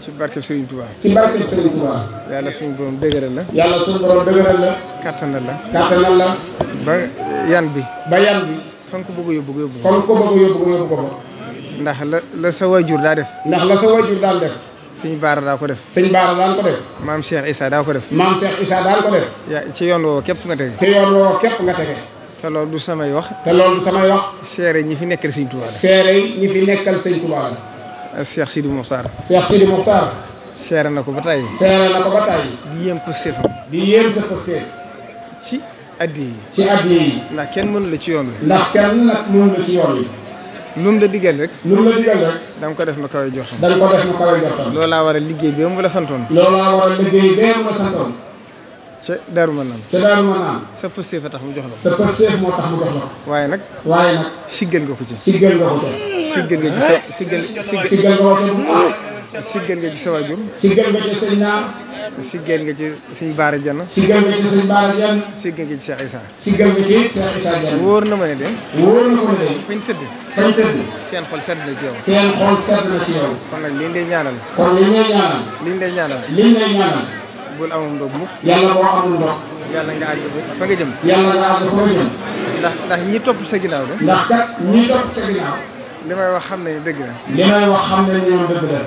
ci barke Serigne Touba. ci yàlla suñu borom dëgëral la. yàlla suñu borom dëgëral la. kattanal la. kattanal la. ba yan bi. ba yan bi. fa nga ko bëgg yóbbu ko yóbbu ko fa. ndax la la sa waajur daa def. ndax la sa waajur daan def. sëñ Baara daa ko def. sëñ Baara daan ko def. maam Cheikh Issa daa ko def. maam Cheikh Issa daan ko def. ya ci yoon woo képp nga tege. ci yoon woo képp nga tege. te loolu du samay wax. te loolu du samay wax. seere ñi fi nekkal sëñ Touba la. seere sëñ Touba la. Cheikh Sidi Moukhtar. Cheikh Sidi Moukhtar. seere na ko ba tàyyi. seere na ko ba tàyyi. di yéem pëstéef. di yéem sa pëstéef. ci addi yi. ci addi yi. ndax kenn mënu la ci yoon wi. ndax kenn nag mënu ci yoon wi. lu mu la digal rek. lu mu la digal rek. da ko def na kawe jox da nga ko def na kawe war a liggéey bi mu la santoon. loolaa war a liggéey bi mu la santoon. ca Daaru Manaan ca Daaru Manaan sa a tax mu jox la sa pësteef moo waaye nag waaye nag siggal nga ko ci siggal nga ko siggal nga ci sa siggal siggal nga ko ci siggal nga sa waajur siggal nga ci sëñ naar siggal nga ci sëñ baara jann siggal nga ci sëñ baara jann siggal na ma ne de wóor na ma ne de fañ tëdd fañ tëdd seen xol sedd na ci yow xol sedd na ci yow kon nag liñ lay ñaanal kon liñ lay ñaanal liñ lay ñaanal bul amum ndox mukk yàlla boo amul ndox yàlla nga àgg fa nga jëm yàlla nga àgg fa nga jëm ndax ndax ñi topp sa ginnaaw de ndax kat ñi topp sa ginnaaw li may wax xam nañu dëgg la li may wax xam nañu ñoom dëgg la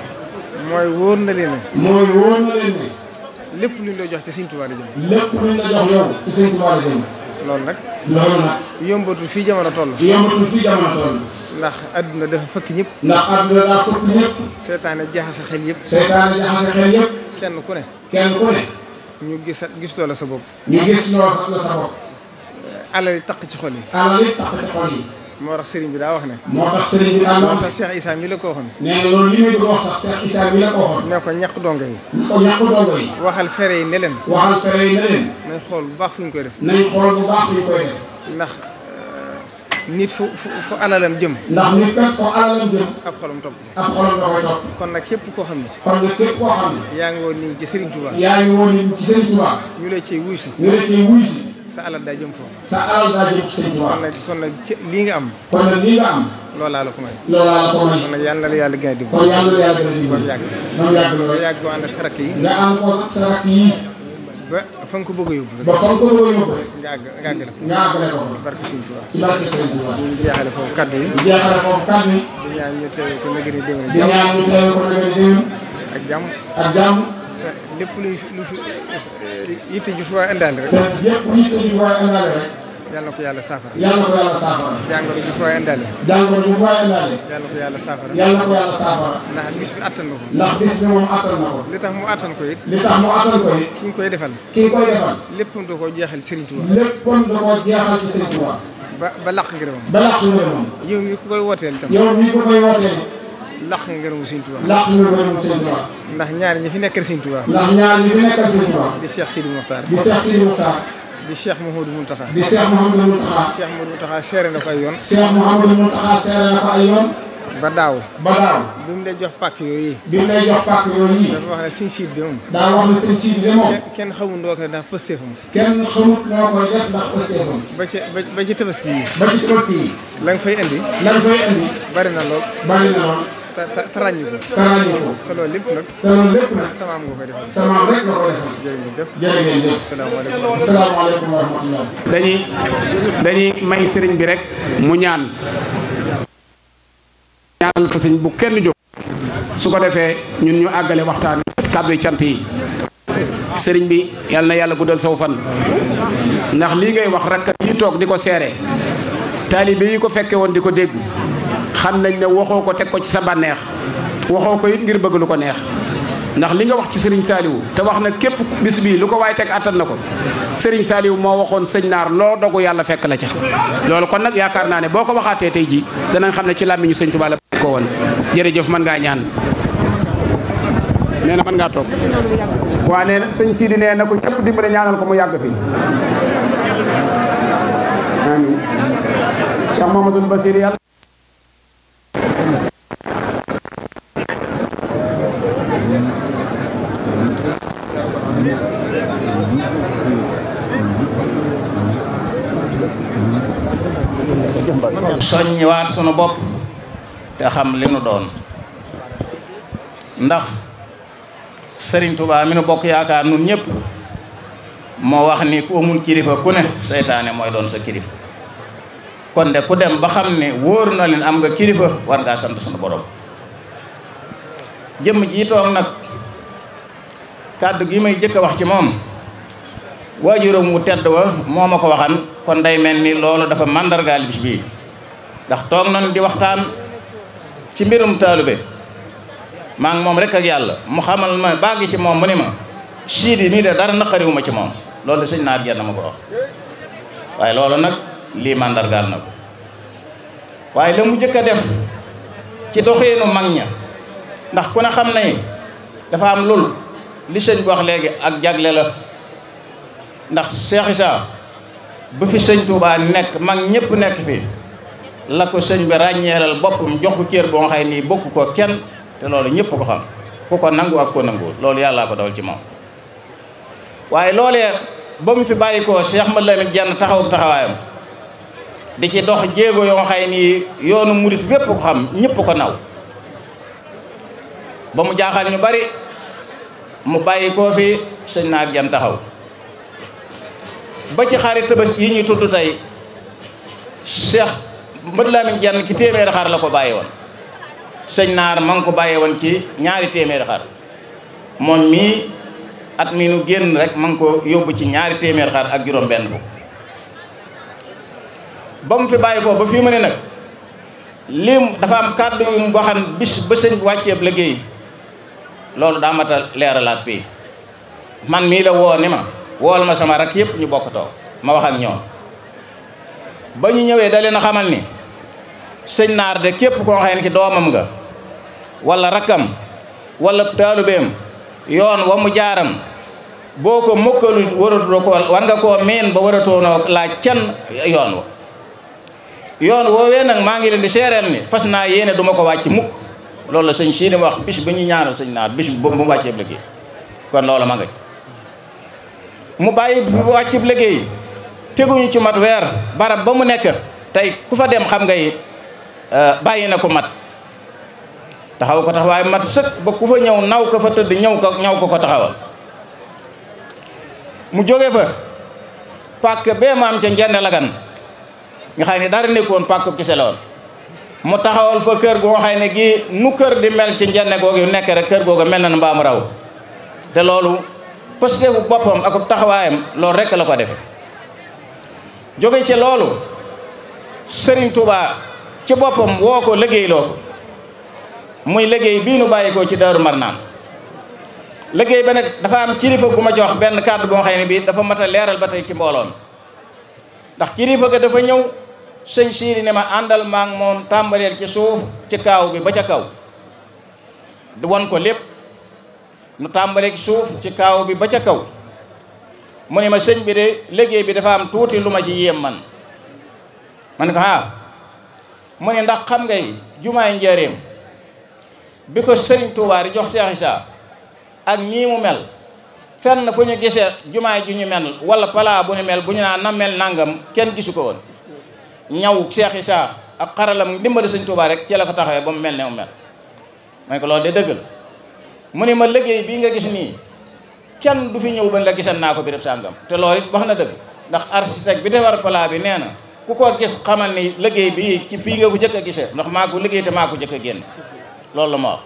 mooy wóor na leen ne mooy wóor na leen ne lépp luñ la jox ci Sëñ Tuubaa la jëm lépp luñ la jox yow ci Sëñ Tuubaa la jëm loolu nag loolu nag yombatul fii jamono toll yombatul fii jamono toll ndax adduna dafa fëkk ñëpp ndax adduna dafa fëkk ñëpp seetaane jaxase xel yëpp seetaane jaxase xel yëpp kenn ku ne. kenn ku ñu gis gistoo la sa bopp. ñu gis loo la sa alal yi taq ci xol yi. alal yi taq ci xol moo tax sëriñ bi daa wax ne. moo tax sëriñ bi daa wax sax Cheikh Issa mi la ko waxoon. nee na loolu li muy ko wax sax Cheikh Issa mi la ne ko ñàkk dongo yi. ne ko fere yi ne leen. waxal fere yi ne leen. xool bu baax fu ñu koy def. nañ xool bu baax fu ñu koy def. ndax. nit fu fu alalam jëm. ndax nit kat fu alalam jëm. ab xolam topp ab xolam da koy topp. kon nag képp koo xam ne. kon nag képp koo xam ne. yaa ngi woon nii ci Serigne Touba. yaa ngi woon nii ci Serigne Touba. ñu lay cee wuy si. ñu lay cee wuy si. sa alal daa jëm foofu. sa alal daa jëm Serigne Touba. kon nag kon nag lii nga am. kon nag lii nga am. loolaa la ko may. loolaa la ko may. kon nag yal na la yàlla gën a dimbali. kon yal na la yàlla gën a dimbali. ba mu yàgg. ba mu yàgg loolu. nga yàgg koo ànd ak sarak yi. nga ànd ko sarak yi. fa nga ko bëgg a yóbbu rek. ba fa nga ko bëgg a yóbbu rek. nga àgg nga àggale ko. nga àggale ko. ci barke Sëriñ Tuubaa. ci barke Sëriñ Tuubaa. ñu jeexale foofu kaddu yi. ñu jeexale foofu kaddu yi. di ñaan ñu teewee ko nag yi déwén. di ñaan ñu teewee ko nag yi déwén. ak jàmm. ak jàmm. te lépp luy lu fi yitte ju fi waay indaale rek. te lépp yitte ju fi waay indaale rek. yàlla ko yàlla saafara. yàlla ko yàlla saafara. jàngoro ji fooy indaale. jàngoro ji fooy indaale. yàlla ko yàlla saafara. yàlla ko yàlla saafara. ndax bis bi attan na ko. ndax bis bi moom attan na ko. li tax mu attan ko it. li tax mu attan ko it. ki ñu koy defal. ki ñu koy defal. léppam da koo jeexal Serigne Touba. léppam da koo jeexal ci Serigne Touba. ba ba laq ngërëmam. ba laq ngërëmam. yow mi ku koy wooteel itam. yow mi ku koy wooteel. laq ngërëmu Serigne Touba. laq ngërëmu Serigne Touba. ndax ñaar ñi fi nekkal Serigne Touba. ndax ñaar ñi fi nekkal Serigne Touba. di Cheikh Sidi Mokhtar. di Cheikh Sidi Mokhtar. di Cheikh Mouhamadou mu di Cheikh Mouhamadou Mountakha. Cheikh Mouhamadou Mountakha seere na ko ay yoon. Cheikh ba daaw. ba daaw. bi mu lay jox pàkk yooyu. bi mu lay jox pàkk yooyu. dafa wax ne suñ siit de moom. daa wax ne suñ siit de moom. kenn xamul noo koy def pëstéefam. kenn xamul noo ndax pëstéefam. ba ba ci tabaski yi. ba la nga fay indi. la fay indi. bari lool. bari lool. te te te ràññu ko. dañuy may sëriñ bi rek mu ñaan. ñaanal fa sëñ bu kenn jóg. su ko defee ñun ñu àggale waxtaan kàddu cant yi. sëriñ bi yal na yàlla guddal saw fan. ndax lii ngay wax rakkat yi toog di ko seere. taalibe yi ko fekke woon di ko dégg. xam nañ ne waxoo ko teg ko ci sa bànneex waxoo ko it ngir bëgg lu ko neex ndax li nga wax ci sëriñ Saliou te wax na képp bisibi lu ko waaye teg attan na ko sëriñ Saliou moo waxoon sëñ naar loo dogu yàlla fekk la ca loolu kon nag yaakaar naa ne boo ko waxaatee tey jii danañ xam ne ci làmmiñu sëñ Tuubaa la ko woon jërëjëf mën ngaa ñaan nee na mën ngaa toog waa nee na sëñ Sidi nee na ko ñëpp dimbale ñaanal ko mu yàgg fi amiin Cheikh soññiwaat sunu bopp te xam li nu doon ndax Sëriñ Tuubaa mi nu bokk yaakaar nun ñëpp moo wax ni ku amul kilifa ku ne seytaane mooy doon sa kilifa kon de ku dem ba xam ne wóor na ne am nga kilifa war ngaa sant sunu boroom jëmm ji toog nag kàddu gi may jëkk a wax ci moom waajuram wu tedd wa moo ma ko waxan kon day mel ni loolu dafa màndargaal bis bii ndax toog nañ di waxtaan ci mbirum taalube maa moom rek ak yàlla mu xamal ma baa ngi ci moom mu ni ma siidi nii de dara naqariwu ci moom loolu de sëñ naar jenn ma ko wax waaye loolu nag lii màndargaal na ko waaye la mu njëkk a def ci doxeenu mag ña ndax ku ne xam ne dafa am loolu li sëñ bi wax léegi ak jagle la ndax Cheikh Issa bu fi sëñ Touba nekk mag ñëpp nekk fi la ko sëñ bi ràññeelal boppam jox ko cër boo xay nii bokk ko kenn te loolu ñëpp ko xam ku ko nangu ak ko nangu loolu yàllaa ko dawal ci moom. waaye loolee ba mu fi bàyyi ko Cheikh Ahmadou Lamine jenn taxaw taxawaayam di ci dox jéego yoo xay nii yoonu murit bépp ko xam ñëpp ko naw ba mu jaaxal ñu bari mu bàyyi koo fi sëñ naar Diène taxaw. ba ci xaari tabaski yi ñuy tudd tey Cheikh Mbad Lamin Jaan ci téeméeri xar la ko bàyyi woon sëñ naar ma ngi ko bàyyi woon ci ñaari téeméeri xar moom mii at mi nu génn rek ma ngi ko yóbbu ci ñaari téeméeri xar ak juróom benn fukk ba mu fi bàyyi ko ba fii mu ne nag lim dafa am kàddu yu mu waxan bis ba sëñ wàcceeb liggéey loolu daa mat a leeralaat fii man mii la woo ni ma wool ma sama rak yëpp ñu bokk toog ma wax ñoom ba ñu ñëwee da leen a xamal ni sëñ naar de képp koo xam ne ci doomam nga wala rakkam wala taalubeem yoon wa mu jaaram boo ko mokkalu waratoo ko war nga koo meen ba waratoonoo laaj kenn yoon wa yoon woowee nag maa ngi leen di seereel ni fas naa yéene du ma ko wàcc mukk loolu la sëñ siini wax bis bi ñu ñaanal sëñ naar bis bu mu wàccee liggéey kon loolu ma nga ci mu bàyyi wàccub liggéey teguñu ci mat weer barab ba mu nekk tey ku fa dem xam nga it euh, bàyyi na ko mat taxaw ko taxawaay mat sëkk ba ñëw naw ko fa tëdd ñëw ko ñëw ko taxawal mu jóge fa pàkk bee maam ca njend lagan nga xam ne dara nekkoon pàkk kese la woon mu taxawal fa kër goo xam ne gii nu kër di mel ci njenne googu nekk rek kër googu mel na mbaamu raw te loolu pësteefu boppam ak taxawaayam loolu rekk la ko defe jóge ci loolu sëriñ Touba ci boppam woo ko liggéey loo muy liggéey bii nu bàyyi ko ci Daaru Marnaan liggéey ba nag dafa am kilifa gu ma jox benn kàddu boo xam ne bii dafa mat a leeral ba tey ci mbooloon ndax kilifa ga dafa ñëw sëñ siiri ne ma àndal maa ngi moom tàmbaleel ci suuf ci kaaw bi ba ca kaw won ko lépp nu tàmbaleeg suuf ci kaaw bi ba ca kaw mu ne ma sëñ bi de liggéey bi dafa am tuuti lu ma ci yéem man ma ko ah mu ne ndax xam ngay jumaay njëriñ bi ko sëriñ Touba di jox Cheikh Issa ak nii mu mel fenn fu ñu gisee jumaay ju ñu mel wala palaa bu ñu mel bu ñu naan na mel nangam kenn gisu ko woon ñaw Cheikh Issa ak xaralam ndimbali sëñ Touba rek ci la ko taxawee ba mu mel ne mu mel ma ko loolu de dëgg mu ne ma liggéey bii nga gis nii kenn du fi ñëw ba la gisan naa ko bi def sàngam te lool it wax na dëgg ndax architecte bi defar pla bi nee na ku ko gis xamal ni liggéey bi ci fii nga ko jëkk a gisee ndax maa ko liggéey te maa ko jëkk a génn loolu ma wax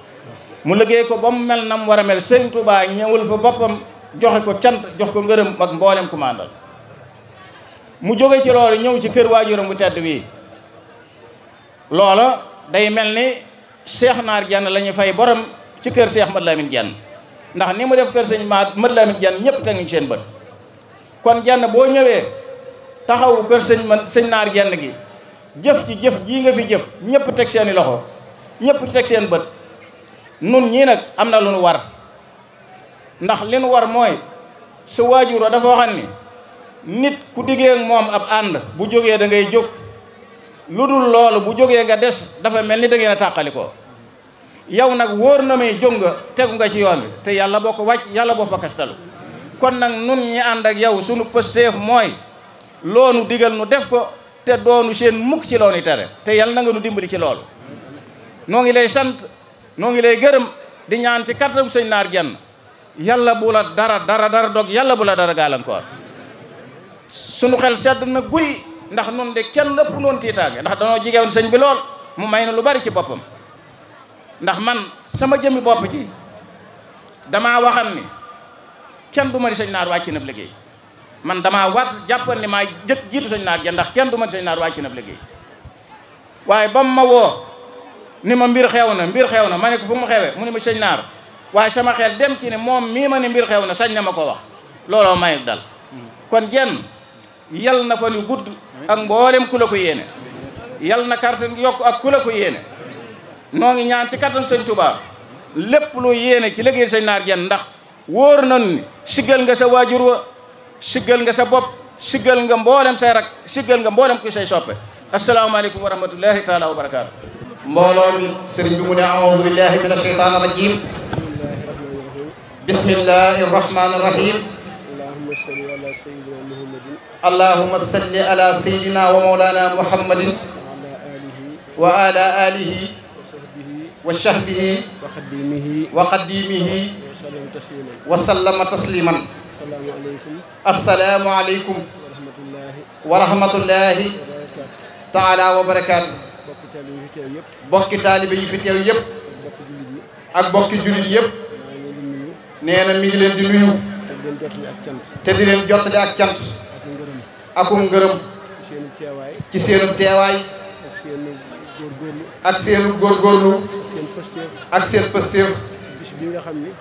mu liggéey ko ba mu mel na mu war a mel Sëriñ Tuubaa ñëwul fa boppam joxe ko cant jox ko ngërëm ak mboolem commandal mu jóge ci loolu ñëw ci kër waajuram mu tedd bii loola day mel ni Seex Naar Jeen la ñu ci kër Cheikh Mate Lamine Diène ndax nii mu def kër sëñ laa Lamine jenn ñëpp teg nañ seen bët kon Diène boo ñëwee taxawu kër sëñ man sëñ naar Diène gi jëf ci jëf jii nga fi jëf ñëpp teg seen i loxo ñëpp teg seen bët nun ñii nag am na lu nu war ndax li nu war mooy si waajur dafa waxan ni nit ku diggee moom ab ànd bu jógee da ngay jóg lu dul loolu bu jógee nga des dafa mel ni da ngeen tàqali ko yow nag wóor na may jóg nga tegu nga ci yoon bi te yàlla boo ko wàcc yàlla boo fa kastalu kon nag nun ñi ànd ak yow sunu pësteef mooy loonu digal nu def ko te doonu seen mukk ci loonu tere te yàlla na nga nu dimbali ci loolu noo ngi lay sant noo ngi lay gërëm di ñaan ci kàttanam sëñ naar jenn yalla bu la dara dara dara dog yàlla bu la dara gàllankoor sunu xel sedd na guy ndax nun de kenn ëpp noonu tiitaange ndax danoo jigéen sëñ bi lool mu may na lu bari ci boppam ndax man sama jëmmi bopp ji damaa waxam ni kenn du ma sañ sëñ naar wàcc na liggéey man dama war jàppoon ni maa jëkk jiitu sëñ naar ja ndax kenn du ma ni sëñ naar wàcc na liggéey waaye ba mu ma woo ni ma mbir xew na mbir xew na ma ne ko fu mu xewee mu ne ma sëñ naar waaye sama xeel dem ci ne moom mii ma ne mbir xew na sañ na ma ko wax looloo mayut dal kon jenn yal na fan yu gudd ak mboolem ku la ko yéene yal na kàttan yokk ak ku la ko yéene noo ngi ñaan ci kattan sëñ Touba lépp lu yéene ci liggéey sëñ naar jenn ndax woor nañu siggal nga sa waajur wa siggal nga sa bopp siggal nga mboolem say rak siggal nga mboolem ku say soppe asalaamaaleykum wa rahmatullahi taala wa barakaatu mbooloo mi sëriñ bi mu ne aoudu billahi min asheytaan rajim bismillahi rahmani rahim allahuma salli ala sayidina wa mawlana muhammadin wa ala alihi wa sahbihi wa qadimihi wa qadimihi wa sallama tasliman assalaamu aleykum wa rahmatullahi taala wa barakaatu bokki taalibe yi fi teew yëpp ak bokki julit yëpp nee na mi ngi leen di nuyu te di leen jottali ak cant akum ngërëm ci seenu teewaay ak seen góorgóorlu ak seen pëstéef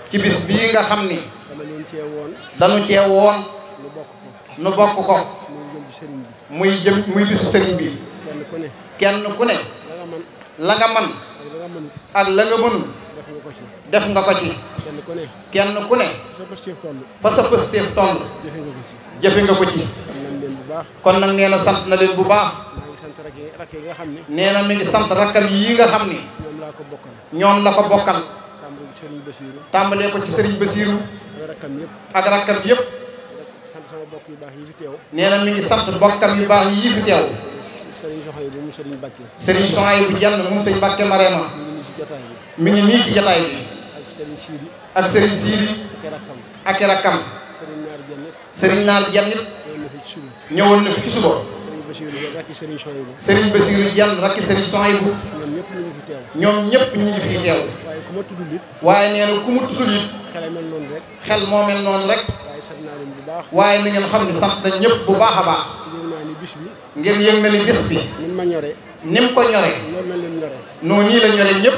ci bis bii nga xam ni dañu cee woon nu bokk ko muy jëm muy bisu sëriñ bi kenn ku ne la nga man ak la nga mënul def nga ko ci kenn ku ne fa sa pëstéef toll jëfe nga ko ci kon nag nee na sant na leen bu baax nee na mi ngi sant rakkam yi nga xam ni ñoom la ko bokkal tàmbalee ko ci Serigne Bassirou ak rakkam yëpp nee na mi ngi sant bokkam yu baax yii fi teew Serigne Soxaay bu jenn moom sëñ Mbàkke Marema mi ngi nii ci jataay bi ak Serigne Sidi ak i rakkam Serigne Naar Jennit ñëwoon na fi ci suba Bassirou Diagne rakki Serigne Souhaïbou. Serigne Bassirou Diagne rakki Serigne Souhaïbou. ñoom ñëpp ñu ngi fi teew. ñoom ñëpp ñu ngi fi teew. waaye ku ma tuddul it. waaye nee na ku ma tuddul it. xel moo mel noonu rek. waaye sant naa leen bu baax. waaye na ngeen xam ne sant nañ ñëpp bu baax a naa ni bis bi. ngeen yëg na ni bis bi. ni ma ñoree. ni mu ko ñoree. noonu la leen ñoree. noonu ñii la ñoree ñëpp.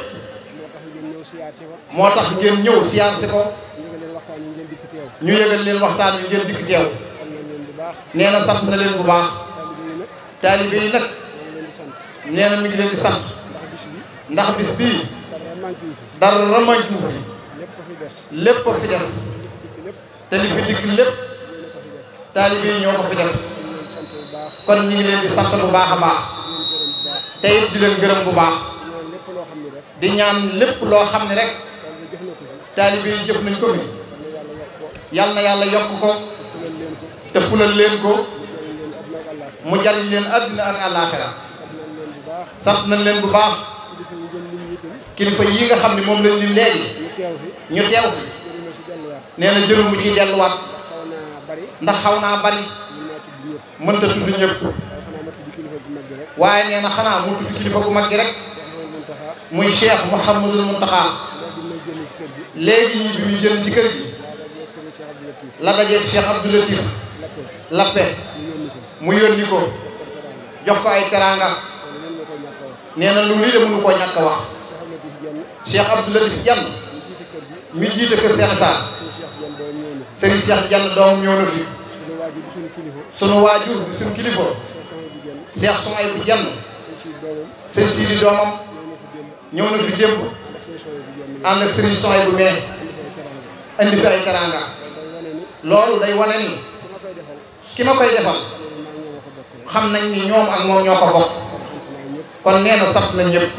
moo tax ngeen ñëw siyaar si ko. ñu yëgal leen waxtaan wi ngeen dikk teew. nee na sant na leen bu baax. taalibe yi nag nee na mi ngi leen di sant ndax bis bii dara manqué wu fi lépp a fi des te li fi dikk lépp taalibe yi ñoo ko fi des kon ñu ngi leen di sant bu baax a baax te it di leen gërëm bu baax di ñaan lépp loo xam ne rek taalibe yi jëf nañ ko fi yal na yàlla yokk ko te fulal leen ko. mu jariñ leen àddina ak àllaaxira sant na leen bu baax kilifa yi nga xam ne moom lañ lim léegi ñu teew fi nee na jëru mu ciy delluwaat ndax xaw naa bari mënta tudd ñëpp waaye nee na xanaa mu tudd kilifa gu mag gi rek muy Cheikh Mouhamadul Mountakha léegi nii bi muy jënd ci kër gi la dajeeg Cheikh Abdou Latif Lappe mu yónni ko jox ko ay teraanga nee na lu lii de mënu koo ñàkk a wax Cheikh Abdou Latif Diène mi jiite kër Sëriñ Sarr Serigne Cheikh Diène doomam ñëw na fi sunu waaju bi sunu kilifa Cheikh Souhaïbou Diène sëñ Sidi doomam ñëw na fi démb ànd ak Serigne Souhaïbou mais indi fi ay teraanga loolu day wane ni ki ma koy defal. xam nañ ni ñoom ak moom ñoo ko bokk kon nee na sant nañ ñëpp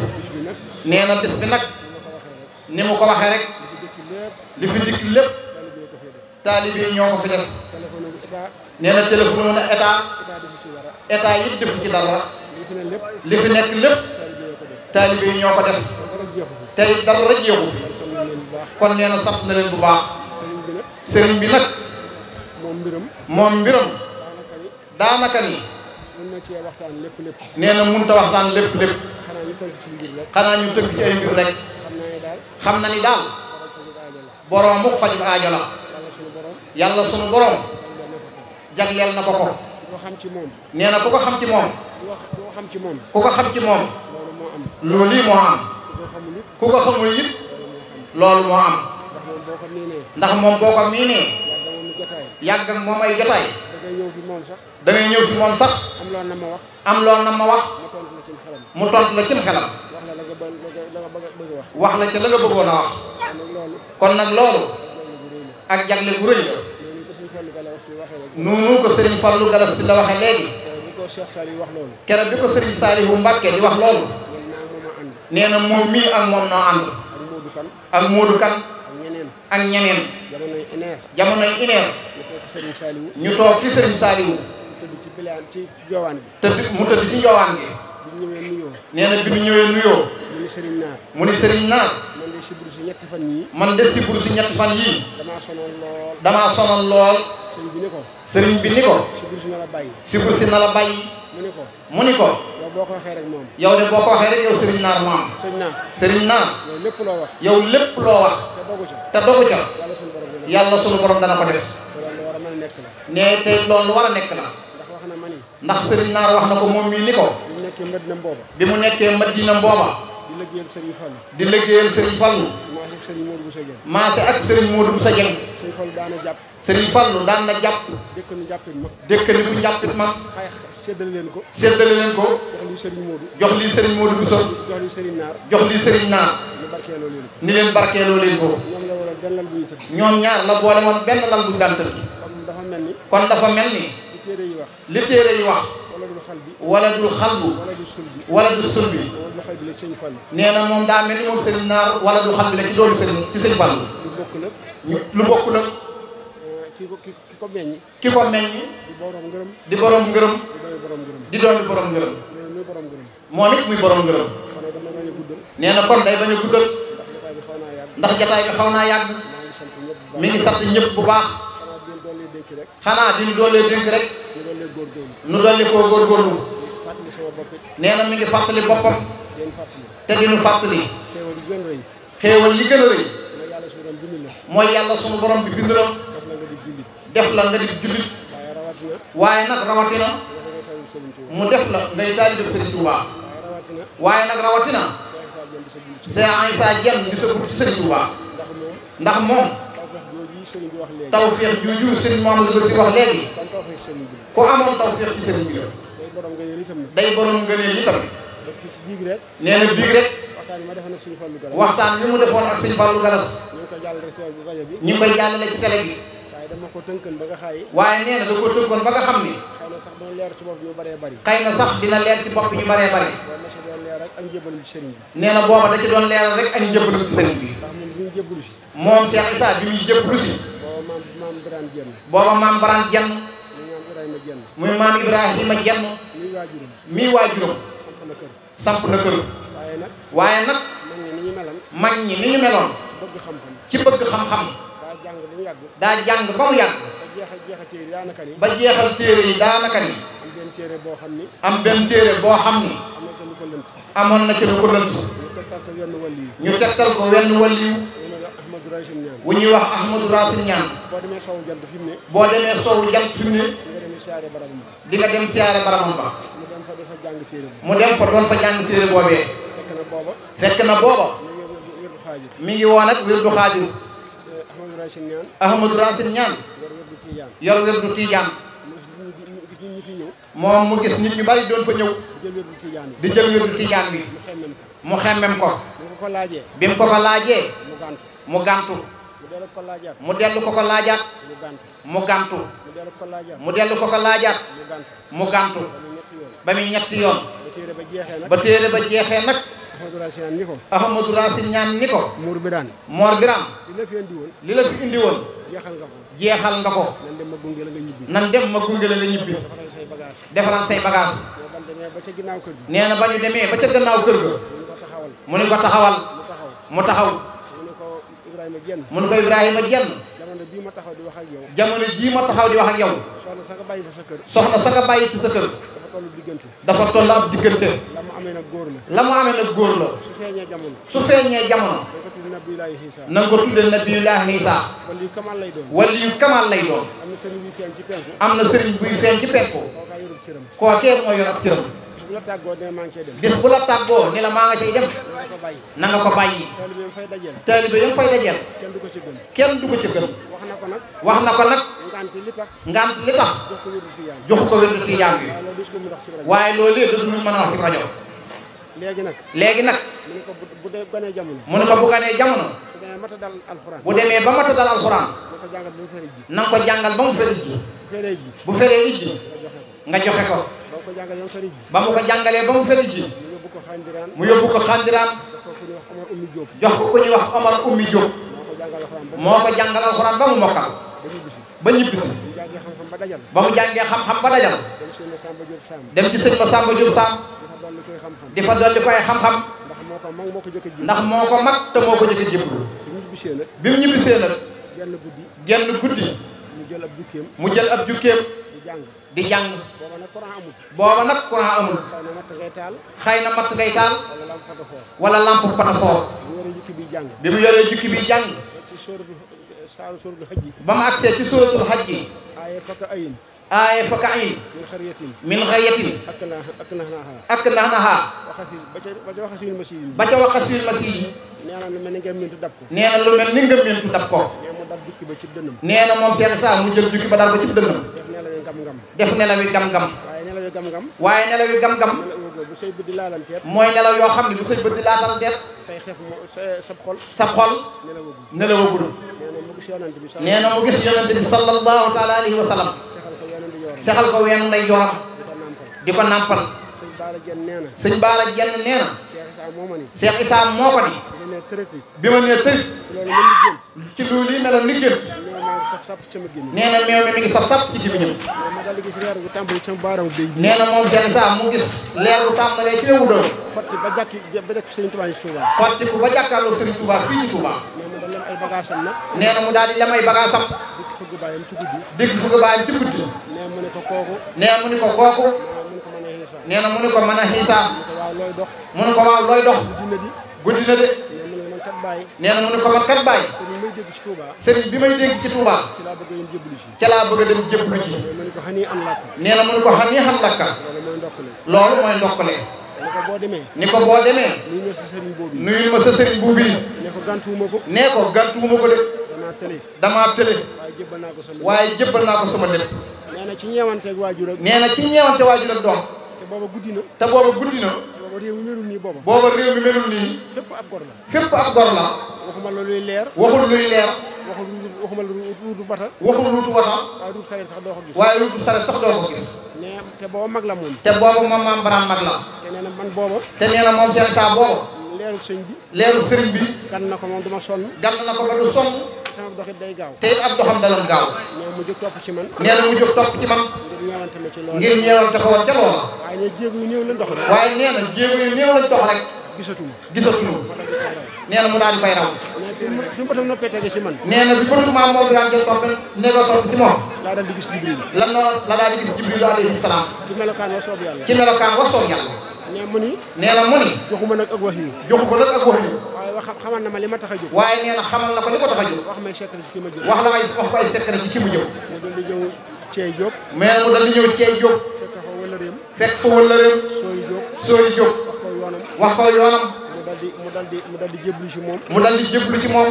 nee na bis bi nag ni mu ko waxee rek li fi ndikk lépp taalibe yi ñoo ko fi def nee na téléphone na état état yi defu ci dara li fi nekk lépp taalibe yi ñoo ko def tey dara jeexu fi kon nee na sant na leen bu baax sëriñ bi nag moom mbiram daanaka ni nee na mënut a waxtaan lépp lépp xanaa ñu tënk ci ay mbir rek xam na ni daal borom bu fajub aajo la yàlla sunu borom jagleel na ko ko. nee na ku ko xam ci moom. ku ko xam ci moom. loolu lii moo am. ku ko xamul it loolu moo am. ndax moom boo ko miinee. yàgg ak moom ay jotaay. da ngay ñëw si moom sax. am lool na ma wax. am na ma wax. mu tontu la cim xelam. wax la bëgg wax. wax la ca la nga bëggoon a wax. kon nag loolu. ak jagle bu rëy la. noonu ko Serigne Fallou Galas si la waxee léegi. keroog bi ko Serigne Saliou Mbacke di wax loolu. nee na moom mii ak moom noo ànd. ak Modou Kane. ak ñeneen. jamonoy ineer. jamonoy ineer. ñu toog si Serigne Saliou. Wilane ci joowaan gi. te mu tëdd ci joowaan bi ñu ñëwee nuyoo. nee na bi ñu ñëwee nuyoo. mu ni Serigne Naar. man de sibbiru si ñetti fan yii. man de sibbiru si ñetti fan yii. damaa bi ni ko. Serigne bi si na la bàyyi. na la bàyyi. mu ni ko. mu ni ko. yow boo ko waxee rek moom. yow de boo ko waxee rek yow Serigne Naar moom. Serigne Naar. Serigne lépp loo wax. yow lépp loo wax. te dogu ca. yàlla sunu borom dana ko def. yàlla te loolu war a nekk war a nekk la. ndax Serigne Naar wax na ko moom mii ni ko. bi mu nekkee Madina Mbooba. bi mu nekkee Madina Mbooba. di liggéeyal Serigne Fallou. di liggéeyal Serigne Fallou. maase ak Serigne Modou Boussa Dieng. maase na jàpp. Serigne Fallou daan jàpp. dëkk nu jàppit ma. dëkk ni ku jàppit ma. xay séddale leen ko. séddale leen ko. jox lii Serigne Modou. jox lii Serigne Modou Boussa. jox lii Serigne Naar. jox lii Serigne Naar. ni barkeeloo leen ko. ni leen barkeeloo leen ko. ñoom la boole benn lal bu ñu tëdd. ñaar la boole woon benn lal bu ñu daan tëdd. kon dafa mel ni. téere yi wax li téere yi wax wala dul bi wala dul sulbi nee na moom daa mel ni moom sëriñ naar wala dul xalbi la ci doomu sëriñ ci sëñ Fallu lu bokk nag eh, ki ko ki ko meññ ki ko meññ di borom ngërëm borom ngërëm di doomi borom ngërëm moom it muy borom ngërëm nee na kon day bañ a guddal ndax jataay bi xaw naa yàgg mi ngi sant ñëpp bu baax xanaa di ñu doolee dénk rek nu dolli koo góorgóorlu nee na mi ngi fàttali boppam te di ñu fàttali xéewal yi gën a rëy mooy yàlla sunu borom bi bind na def la nga di jullit waaye nag rawatina mu def la ngay daal di def Serigne Touba waaye nag rawatina Cheikh Issa Diène di sa sa Serigne Touba ndax moom tawféex juuju sëriñ Mouhamadou Bachir wax léegi ku amoon tawféex ci sëriñ bi la day borom gëneel itam nee na biig rek waxtaan bi mu defoon ak sëriñ Fallou Galas ñu ngi koy jàllale ci rajo bi waaye dama ko tënkoon ba nga xaay waaye na sax dina leer ci bopp yu bëree bëri xëy booba da ci doon leeral rek ak njëbalam ci sëriñ bi jébbalu si. moom Cheikh Issa bi muy jébbalu si. booba maam Birane Jenn. booba maam Birane Jenn. muy maam Ibrahima Jenn. muy waajuram. muy waajuram. samp na kër. waaye nag. mag ñi ni ñu meloon. ci bëgg xam-xam. daa jàng ba mu yàgg. ba jeexal téere yi daanaka ni. am benn téere boo xam ni. am benn téere boo xam ni. amoon na ci lu ko lënt. ñu tegtal ko wenn wàll yi. ñu tegtal ko wenn wàll yi. wu ñuy wax Ahmadou Racine Niang boo demee soowu jant fi mu ne boo demee soowu jant fi mu ne di nga dem siyaare barabam ba mu dem fa doon fa jàng téere boobee fekk na booba mi ngi woon ak wirdu xaajir eh, Ahmadou Racine Niang yor wirdu tiijaan moom mu gis nit ñu bari doon fa ñëw di jël wirdu tiijaan bi mu xemmem ko bi mu ko ko laajee mu gàntu mu dellu ko ko laajaat mu gàntu mu dellu ko ko laajaat mu gàntu ba muy ñetti yoon ba téere ba jeexee nag Ahmadou Racine ñaan ni ko Ahmadou Racine ñaan ni ko Mor Birane Mor Birane li la fi indi woon li la fi indi woon jeexal nga ko jeexal nga ko nan dem ma gunge la nga ñibbi nan dem ma gunge la nga ñibbi defaral say bagage defaral say bagage ba ca ginnaaw kër gi nee na ba ñu demee ba ca gannaaw kër ga mu ni ko taxawal mu taxaw mu taxaw Ibrahima Dieng mun ko Ibrahima Dieng jamono bii ma taxaw di wax ak yow jamono jii ma taxaw di wax ak yow soxna sa nga bàyyi fa sa kër soxna sa nga bàyyi ci sa kër dafa toll diggante dafa toll ab diggante la mu amee nag góor la la mu amee nag góor la su feeñee jamono su feeñee na nga ko tuddee nabiyulaahi Isa na nga ko tuddee nabiyulaahi Isa wala yu kamal lay doon am na sëriñ buy feeñ ci penku am na sëriñ buy feeñ ci penku kookee moo yor ab cëram bu la tàggoo ne maa ngi cay dem. bis bu la tàggoo ni la maa nga cay dem. na ko bàyyi. taalibe yam fay dajeel. taalibe fay dajeel. kenn du ko ci gëm. kenn du ko ci gëm. wax na ko nag. wax na ko nag. ngant li tax. ngant li tax. jox ko wérdu tiyaan jox ko wérdu tiyaan bi. waaye loolu yëpp dañu mën a wax ci rajo. léegi nag. léegi nag. mu ne ko bu dee ganee jamono. mu ne ko bu ganee jamono. bu demee mata dal alxuraan. bu demee ba mata dal alxuraan. na nga ko jàngal ba mu fere ji. na nga ko jàngal ba mu fere ji. bu feree ji. bu feree nga joxe ko. ba mu ko jàngalee ba mu fëri ji mu yóbbu ko xandiraan jox ko ku ñuy wax Omar Ummi Diop moo ko jàngal alxuraan ba mu mokkal ba ñibbisi ba mu jàngee xam-xam ba dajal dem ci sëñ Masamba Diop Sam di fa dolli koy xam-xam ndax moo ko mag te moo ko jëkk jébbalu bi mu ñibbisee nag genn guddi mu jël ab jukkeem mu jël ab jukkeem di jàng booba nag courant amul xëy na matt ngay taal wala lampe patafoor bi mu yoree jukki bi jàng ba mu agsee ci sóoratul xaj ji aaye faka ayin min xaryatin ak nax naxaa ba ca waxasil masiij nee na lu mel ni nga mintu dab ko nee na lu mel ni nga mintu dab ko nee na moom seen saa mu jël jukki ba daal ba ci dënnam nelawi gam-gam def nelawi gam-gam waaye nelawi gam-gam waaye nelawi gam-gam bu say bët di laalanteet mooy nelaw yoo xam ne bu say bët di laalanteet say xef mo sab xol sab xol nelawagul nee na mu gis yonente bi sallallahu taala alayhi wa sallam sexal ko ween nday joram di ko nàmpal sëñ baara jenn nee na sëñ baara jenn nee na Cheikh Issa moo ko ni nee tërëti. bi ma nee tëj. ci loolu yi meloon ni gént. meew mi ngi saf saf ci gémmiñam. nee moom seen saa mu gis leer lu tàmbalee ci ewu doon. xotti ba jàkki ba jàkki Serigne Touba ci Touba. xotti ko ba jàkkaarloo Serigne Touba fii ñu Touba. nee mu daal di lem ay bagages am. dikk fukki baayam ci guddi. dikk mu ne ko kooku. nee mu ne ko kooku. nee na mu ne ko mën a xiisaa. mu ne ko waaw looy dox. mu ne ko guddi na de. kat bàyyi nee na ko man kat bàyyi sëriñ bi may dégg ci Touba ci bëgg a dem jébbalu ji bëgg a dem jébbalu ji mu ne ko xanii am lakka loolu mooy ndokkale loolu ni ko boo demee ni ko boo demee nuyu ma sa sëriñ boobu nuyu ma ko gantuwuma ko nee ko gantuwuma ko de damaa tële damaa tële waaye jébbal naa ko sama waaye jébbal naa ko sama lépp nee na ci ñeewante waajur ak nee na ci ñeewante waajur ak doom te booba guddi na te booba guddi na booba réew mi melul nii booba. booba réew mi melul nii. fépp ab gor la. fépp ab gor la. waxuma la luy leer. waxul luy leer. waxul waxuma la luutu bata. waxul luutu bata. waaye luutu sareet sax doo ko gis. waaye luutu sareet sax doo ko gis. nee te booba mag la moom. te booba moom maam Birame mag la. te nee man booba. te nee moom seen saa booba. leerul sëñ bi. leerul sëriñ bi. gan na ko moom du ma sonn. gan ko ba du sonn. sama doxit day gaaw te it ab doxam danoon gaaw nee mu jóg topp ci man nee na mu jóg ma ci loolu ngir ñeewante ko woon ca loola waaye ne jéego yu néew lañ dox rek waaye nee na jéego naan néew lañ dox di fay raw fi mu bi fotuma jël topp négo topp ci moom laa daal di gis jibril lan la daal di gis jibril alayhi salaam ci melokaan wa soob yàlla ci nee mu ni nee na mu ni joxu ma nag ak wax yu joxu ko nag ak wax waaye wax xamal na ma li ma tax a jóg waaye nee na xamal na ko li ko tax a jóg wax may secret ci ki jóg wax la may wax ko ay secret ci ki mu jóg mu dal di ñëw Thiey mu dal di ñëw Thiey wax ko yoonam wax ko yoonam mu dal di ci moom mu dal di jéblu ci moom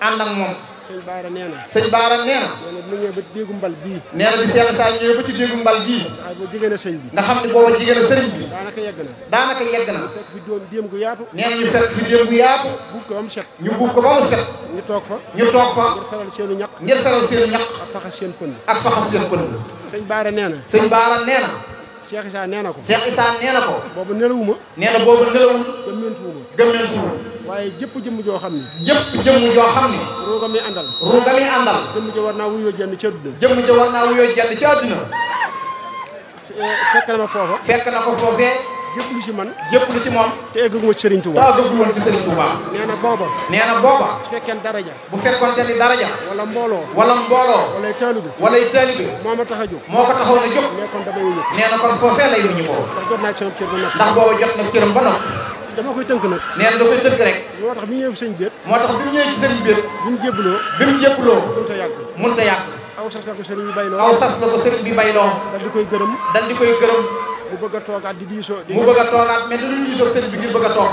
ànd moom sëñ Baara nee na. sëñ Baara nee na. nee na bi mu ñëwee ba déggu mbal bii. nee na bi Cheikh Saa ñëwee ba ci déggu mbal bii. ah boo jigéen a sëñ bi. nga xam ne booba jigéen a sëriñ bi. daanaka yegg na. daanaka yegg na. ñu fekk fi doom déem gu yaatu. nee na ñu fekk fi déem gu yaatu. buub ko ba mu set. ñu buub ko ba mu set. ñu toog fa. ñu toog fa. ngir faral seenu ñaq. ngir faral seenu ñaq. ak faxas seen pënd. ak faxas seen pënd. sëñ Baara nee na. sëñ Baara nee na. Cheikh Isaa nee na ko. Cheikh Isaa nee na ko. boobu nelawuma. nee na boobu nelawul. gëmmentuwuma. gëmmentuwuma. waaye jëpp jëmm joo xam ni jëpp jëmm joo xam ni ruuga mi àndal ruuga mi àndal jëmm jo war naa wuyoo jenn ci àdduna jëmm jo naa wuyoo jenn ci àdduna fekk na ma foofa ko foofee jëpp lu ci man jëpp lu ci moom te eggaguma ci Serigne Touba te eggaguloon ci Serigne Touba nee na booba nee na booba su fekkee daraja bu fekkoon fekkoonte ni daraja wala mbooloo wala mbooloo walay taalibe walay taalibe moo ma tax a jóg moo ko taxoon jóg nee kon na kon foofee lay wuñu ko ndax jot naa ci cëram ba noppi booba jot na cëram ba noppi dama koy tënk nag nee da koy tënk rek moo tax bi ñëwee sëñ béet moo tax bi mu ñëwee ci sëriñ béet bi mu jébbaloo bi mu jébbaloo mënta yàgg mënta yàgg aw sas la ko sëriñ bi bayloo aw sas la ko sëriñ bi bayloo dal di koy gërëm dal koy gërëm mu bëgg a toogaat di diisoo mu bëgg a toogaat mais dañu diisoo sëriñ bi bëgg a toog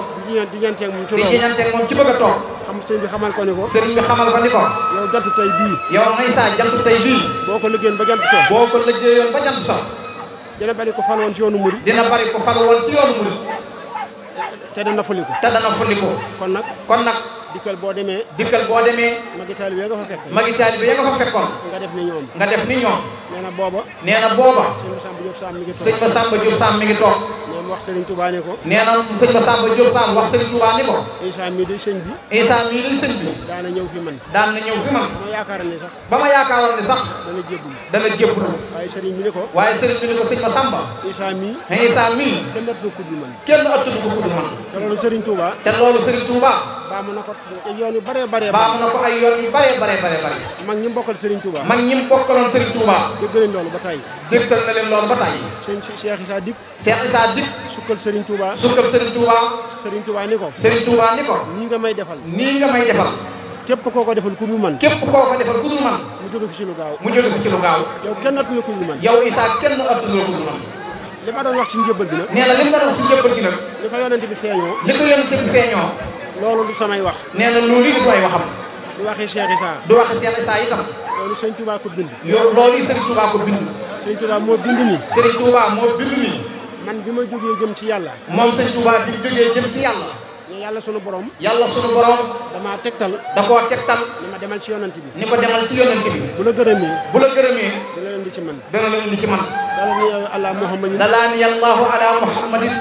di ñanteeg moom ci loolu di ñanteeg moom ci bëgg a toog xam sëriñ bi xamal ko ni ko sëriñ bi xamal ko ko yow jantu tey dina bari ko fal woon ci yoonu murid dina te dana fuliko te dana fuliko kon nag kon nag dikkal boo demee dikkal boo demee magi taalibe nga fa fekk magi taalibe ya nga fa fekkoon nga def ni ñoom nga def ni ñoom nee na booba nee na booba sëñ Masamba Diop Sam mi ngi toog sëñ mi gi to wax Serigne Touba ne ko. nee na sëñ Massamba Diop Samb wax Serigne Touba ne ko. Issa mii di sëñ bi. Issa mii di sëñ bi. daan na ñëw fi man. daan na ñëw fi man. ba ma yaakaar ne sax. ba ma yaakaaroon ne sax. dana jébbalu. dana jébbalu. waaye Serigne ne ko. waaye Serigne bi ne ko sëñ Massamba. Issa mii. mais mii. kenn ëttu ko kudd man. kenn ëttu ko kudd man. te loolu Serigne Touba. te loolu Serigne Touba. baamu na ko ay yoon yu bare bare. baamu a ko ay yoon yu bare bare bare bare. mag ñi mu bokkal Serigne Touba. mag ñi mu bokkaloon sukkal Serigne Touba. sukkal Serigne Touba. Serigne Touba ni ko. Serigne Touba ni ko. nii nga may defal. nii nga may defal. képp koo ko defal ku man. képp koo ko defal ku man. mu jóge fi ci lu gaaw. mu jóge fi kenn ëttu la ku dul man. yow Issa kenn ëttu la ku man. li ma doon wax ci njëbbal gi nag. nee na li ma doon wax ci njëbbal gi nag. li ko yonent bi feeñoo. loolu du samay wax. nee na loolu du koy waxam. du waxee Cheikh Issa. du waxee Cheikh Issa itam. loolu Serigne Touba ko bind. man bi ma jógee jëm ci yàlla moom sëñ Tuubaa bi jógee jëm ci yàlla ne yàlla sunu borom yàlla sunu borom damaa tegtal da koo tegtal ni ma demal ci yoonanti bi ni ko demal ci yonent bi bu la gërëmee bu la gërëmee dana la indi ci man dana la indi ci man dala ni yàlla ala muhammadin dala ni yàllaahu ala muhammadin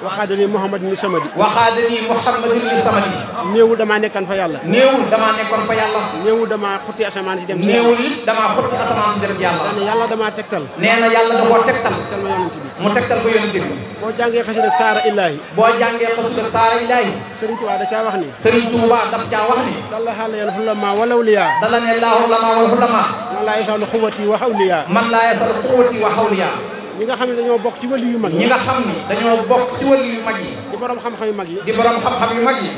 waxaadani Muhammad ni samadi waxaadani Muhammad ni samadi néewul damaa nekkan fa yàlla néewul damaa nekkoon fa yàlla néewul damaa xotti asamaan si dem ci néewul it damaa xotti asamaan si dem ci yàlla nee na yàlla damaa tegtal nee na yàlla da koo tegtal tegtal ma yonent bi mu tegtal ko yonent bi boo jàngee xasida ak saara illaahi boo jàngee xasida ak saara illaahi Serigne Touba da caa wax ni Serigne Touba daf caa wax ni dala xaalayal xulama wala awliya dala ne laa xulama wala xulama man laa yasalu xuwati wa xawliya man laa yasalu xuwati wa xawliya ñi nga xam ne dañoo bokk ci wali yu mag ñi nga xam ne dañoo bokk ci wali yu mag yi di borom xam-xam yu mag yi di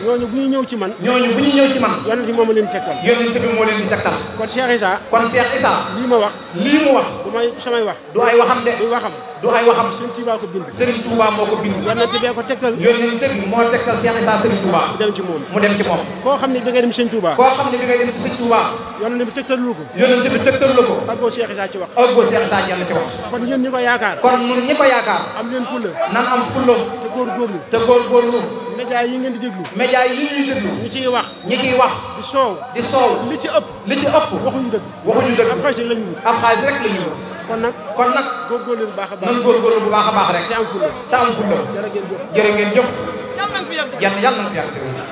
ñooñu bu ñuy ñëw ci man ñooñu bu ñuy ñëw ci man yonent bi mooma leen tegtal yonent bi moo leen di tegtal kon Cheikh Issa kon Cheikh Issa lii ma wax lii mu wax du may samay wax du ay waxam de du waxam du ay waxam Serigne Touba ko bind Serigne Touba moo ko bind yonent bee ko tegtal yonent bi moo tegtal Cheikh Issa Serigne Touba mu dem ci moom mu dem ci moom koo xam ne bi ngay dem Serigne Touba koo xam ne bi ngay dem ci Serigne Touba yonent bi tegtal lu ko yonent bi tegtal lu ko ak boo Cheikh Issa ci wax ak boo Cheikh Issa Dieng ci wax kon ñun ñi ko yaakaar kon ñun ñi ko yaakaar am leen fulla nan am fulla te góorgóorlu te góorgóorlu média yi ngeen di déglu média yi ñuy déglu ñi ciy wax ñi ciy wax di soow di soow li ci ëpp li ci ëpp waxuñu dëgg waxuñu dëgg ab xaalis rek lañu wut ab xaalis rek lañu wut kon nag kon nag góorgóorlu bu baax a baax nan góorgóorlu bu baax a baax rek te am fulla te am fulla jërë ngeen jëf yan yàlla na fi yàgg diwén yan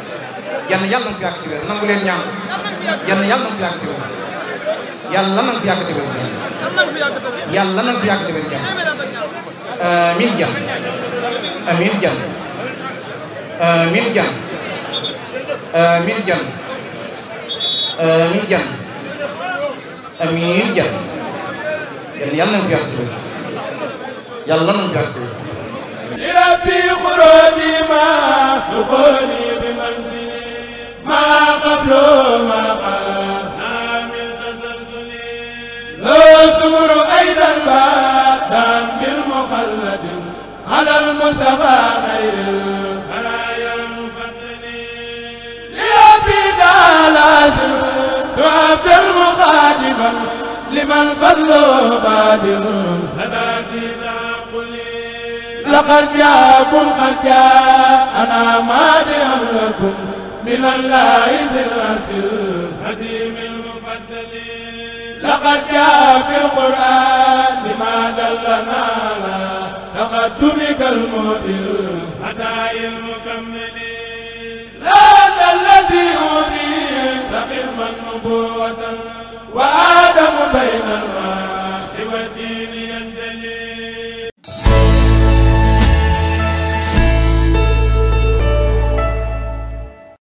yàlla na fi yàgg diwén nangu leen ñaan yan yàlla na fi yàgg diwén yàlla na fi yàgg diwén yàlla na fi yàgg diwén jàmm amin jàmm amin jàmm amin jàmm amin jàmm amin jàmm amin jàmm yàlla yàlla nañ fi yàq tuuti yàlla nañ fi yàq tuuti. li rabbi xuróomi ma lu xooli bi manzili ma qablo ma qaala min tasalsuli loo suuru aydan ba daan bil muxalladin ala al mustafa xayril baraaya al mufaddali li rabbi daa laazim tuabdil muqaadiman لمن الفضل بادل لنا زينا قلي لقد جاءكم قد جاء أنا مادع لكم من الله سلسل هزيم المفضل لقد جاء في القرآن ما دلنا على تقدمك المدل هداي المكملين لا الذي أريد لقرما نبوة وآدم بين الماء